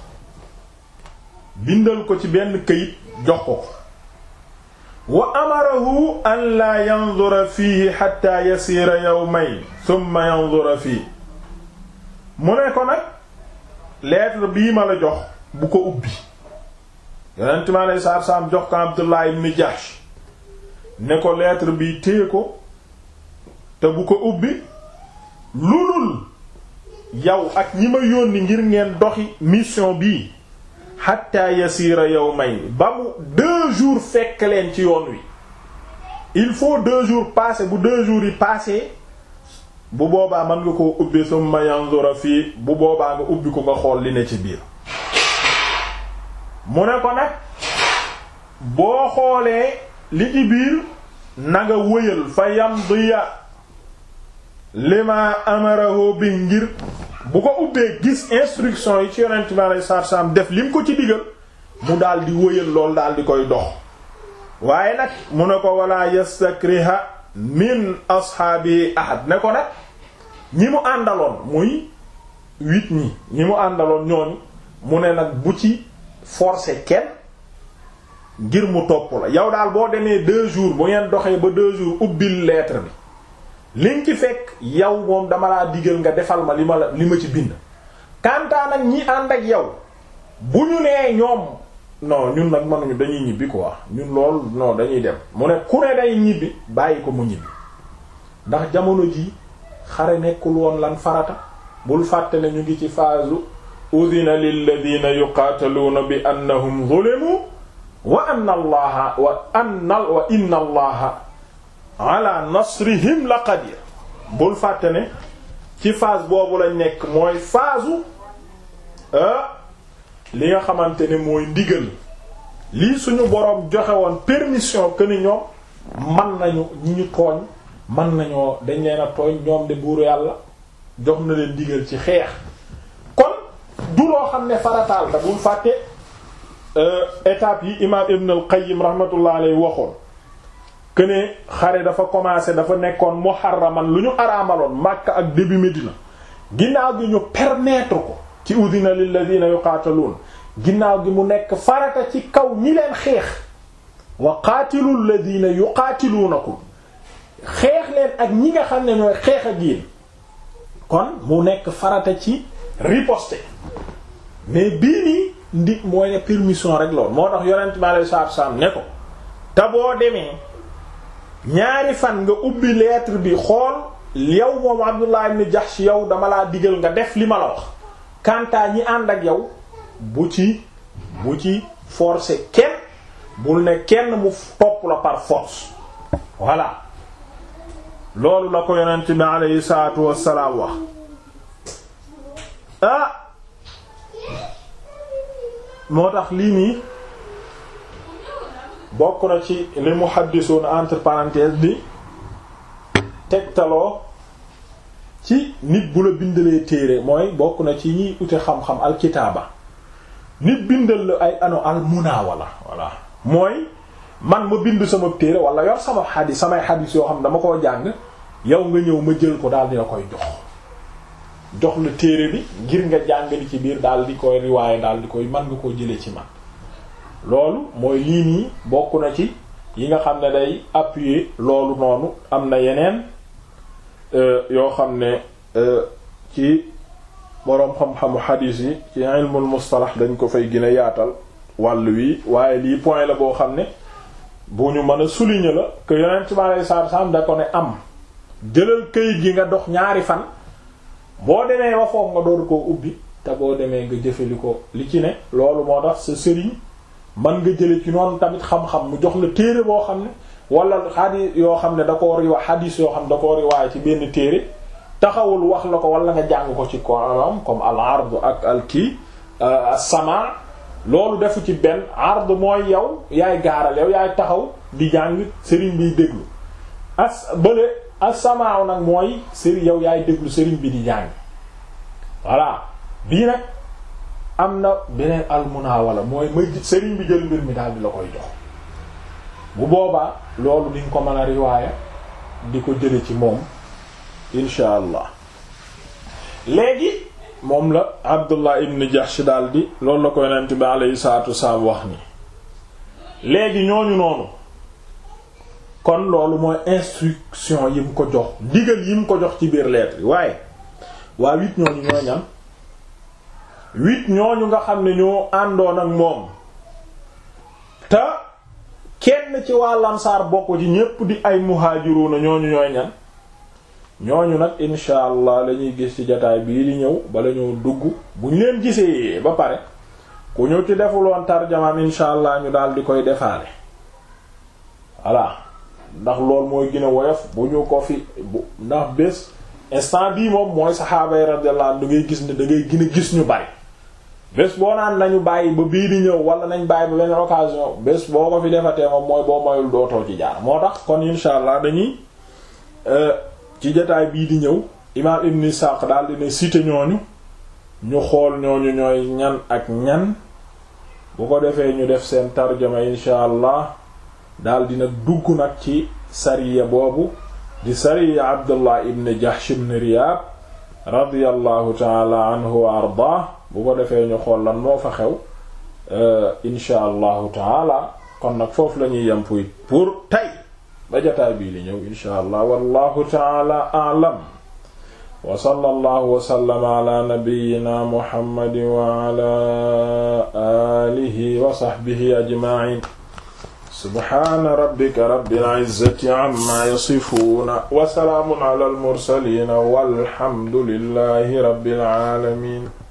bindal ko ci benn këyit jox ko ko wa amarahu an laa yanzura fiihi xatta yasiira yawmayn thumma yanzura fiihi mu ne ko nag lettre bii ma la jox bu ko ubbi yonent bi aleyhi salaatu jox ko Abdullah ibn ne ko leetre bi téye ko te bu ko ubbi lulul yow ak ñi ma yónni ngir ngeen doxi mission bii hatta yasiira yawmayn ba mu deux jours fekk leen ci yoon wi il faut deux jours passer bu deux jours yi passé bu boobaa mën nga ko ubbi summa yanzura fii bu boobaa nga ubbi ko nga xool li ne ci biir mu ne ko nag boo xoolee li ci biir nanga wëyal fa yamdiya lima amarahu bi ngir bu ko ubbee gis instruction yi ci yonent bi alayhi salaatu salaam def lim ko ci digal mu daldi di lool daal di koy dox waaye nag mu ne ko wala yastakriha min ashaabi ahad ne ko nag ñi mu àndaloon muy huit ñi ñi mu àndaloon ñooñu mu ne nag bu ci forcer kenn ngir mu topp la yow daal boo demee deux jours bu ngeen doxee ba deux jours ubbil lettre bi liñ ci fekk yow moom dama laa digal nga defal ma li ma la li ma ci bind kantaa ñi ànd ak yow bu ñu nee ñoom non ñun nag mënuñu dañuy ñibbi quoi ñun lool non dañuy dem mu ne ku ne day ñibbi bàyyi ko mu ñibbi ndax jamono ji xare nekkul woon lan farata bul fàtte ne ñu ngi ci phase udina lilladina na bi annahum zulimu wa anna allaha wa anna wa inna allaha ala nasrihim la qadir bul fàtte ne ci phase boobu lañ nekk mooy phase euh, li nga xamante ne mooy ndigal lii suñu boroom joxewoon woon permission que ni ñoom man nañu ñi ñu tooñ man nañoo dañ leen a ñoom de buuru yàlla jox na leen ndigal ci xeex kon du loo xam ne farataal da bul fàtte Euh, étape yi imaam Ibn al-Qayyim rahmatullah alayhi waxoon que ne xare dafa commencé dafa nekkoon muharraman lu ñu araamaloon Makka ak début Medina ginnaaw gi ñu permettre ko ci udina lilladina yuqaataluun ginnaaw gi mu nekk farata ci kaw ñi leen xeex wa qaatilu lladina yuqaatiluunakum xeex leen ak ñi nga xam ne ñooy xeex ak yéen kon mu nekk farata ci riposte mais bii nii ndi mooy ne permission rek lool moo tax yonent bi alei salatu ne ko te demee ñaari fan nga ubbi lettre bi xool yow moom Abdullah ibn Jahsh yow dama laa digal nga def li ma la wax kantaa ñi ànd ak yow bu ci bu ci forcer kenn bul ne kenn mu topp la par force voilà loolu la ko yonent bi aleyhi salatu wassalaam wax ah! moo tax lii nii bokk na ci li muhaddisuun entre parenthèses di tegtaloo ci nit bu la bindalee téere mooy bokk na ci ñiy ute xam-xam alkitaaba nit bindal la ay ano al munaawala voilà mooy man ma bind sama téere wala yor sama xadis samay xadis yoo xam ne dama koo jàng yow nga ñëw ma jël ko daal di la koy jox jox la téere bi ngir nga jàngali ci biir daal di koy riwaaye daal di koy mën nga koo jële ci man loolu mooy lii nii bokk na ci yi nga xam ne day appuyer loolu noonu am na yeneen euh, yoo xam ne euh, ci boroom xam-xamu xadiis yi ci ilmul mustalax dañ ko fay gën yaatal wàll wi waaye lii point la boo xam ne bu ñu mën a souligner la que yonent bi alayhi salaatu wa salaam da ko ne am jëlal këyit gi nga dox ñaari fan boo demee ba foog nga door koo ubbi te boo demee nga jëfe li ko li ci ne loolu moo tax sa sëriñ mën nga jële ci noonu tamit xam-xam mu jox la téere boo xam ne wala xadis yoo xam ne da ko riwa xadis yoo xam ne da ko riwaay ci benn téere taxawul wax la ko wala nga jàng ko ci koram comme al ard ak al kii euh, sama loolu defu ci benn ard mooy yow yaay gaaral yow yaay taxaw di jàng sëriñ biy déglu as bële as-sama'u nag mooy sëriñ yow yaay déglu sëriñ bi di jàng voilà bii nag am na beneen al-munawala mooy may sëriñ bi jël mbir mi daal di la koy jox bu boobaa loolu di nga ko mën a riwaaya di ko jële ci moom insha allah léegi moom la Abdullah ibn Jahsh daal di loolu la ko yonent bi alayhi salaatu wasalaam wax ni léegi ñooñu noonu kon loolu mooy instruction yi mu ko jox digal yi mu ko jox ci biir lettre waaye waa huit ñooñu ñoo ñam huit ñooñu nga xam ne ñoo àndoon ak moom te kenn ci waa bokk ci ñépp di ay muhaajiruuna ñooñu ñooy ñan ñooñu nag insha allah la gis ci jataay bii di ñëw bala ñoo dugg bu ñu leen gisee ba pare ku ñëw ci defuloon tarjamaam insha allah ñu daal di koy defaale voilà ndax lool mooy gën woyof bu ñu ko fi bu ndax bés instant bii moom mooy saxaaba yi radiyallahu anhu da ngay gis ne dangay ngay gis ñu bari bés boo naan nañu bàyyi ba bii di ñëw wala nañ bàyyi ba beneen occasion bés boo ko fi defatee moom mooy boo mayul dootoo ci jaar moo tax kon insha allah dañuy euh, ci jotaay bii di ñëw imaam ibn Isaaq daal dina cité ñoo ñu xool ñooñu ñooy ñan ak ñan bu ko defee ñu def seen tarjama insha allah daal dina dugg nag ci sariya boobu di sariya Abdullah ibn Jahsh ibn Riyab radiyallahu taala anhu wa ardaa bu ko defee ñu xool lan moo fa xew eh, insha allahu taala kon nag foofu la ñuy yampuy pour tey ba bii li ñëw insha allah wallahu taala a'lam wa sallallahu wa sallama ala nabiyyina wa ala alihi wa sahbihi ajma'in subhaana rabbika rabbil izzati amma yasifuuna wa salaamun alal mursaliina walhamdulillahi rabbil aalamiin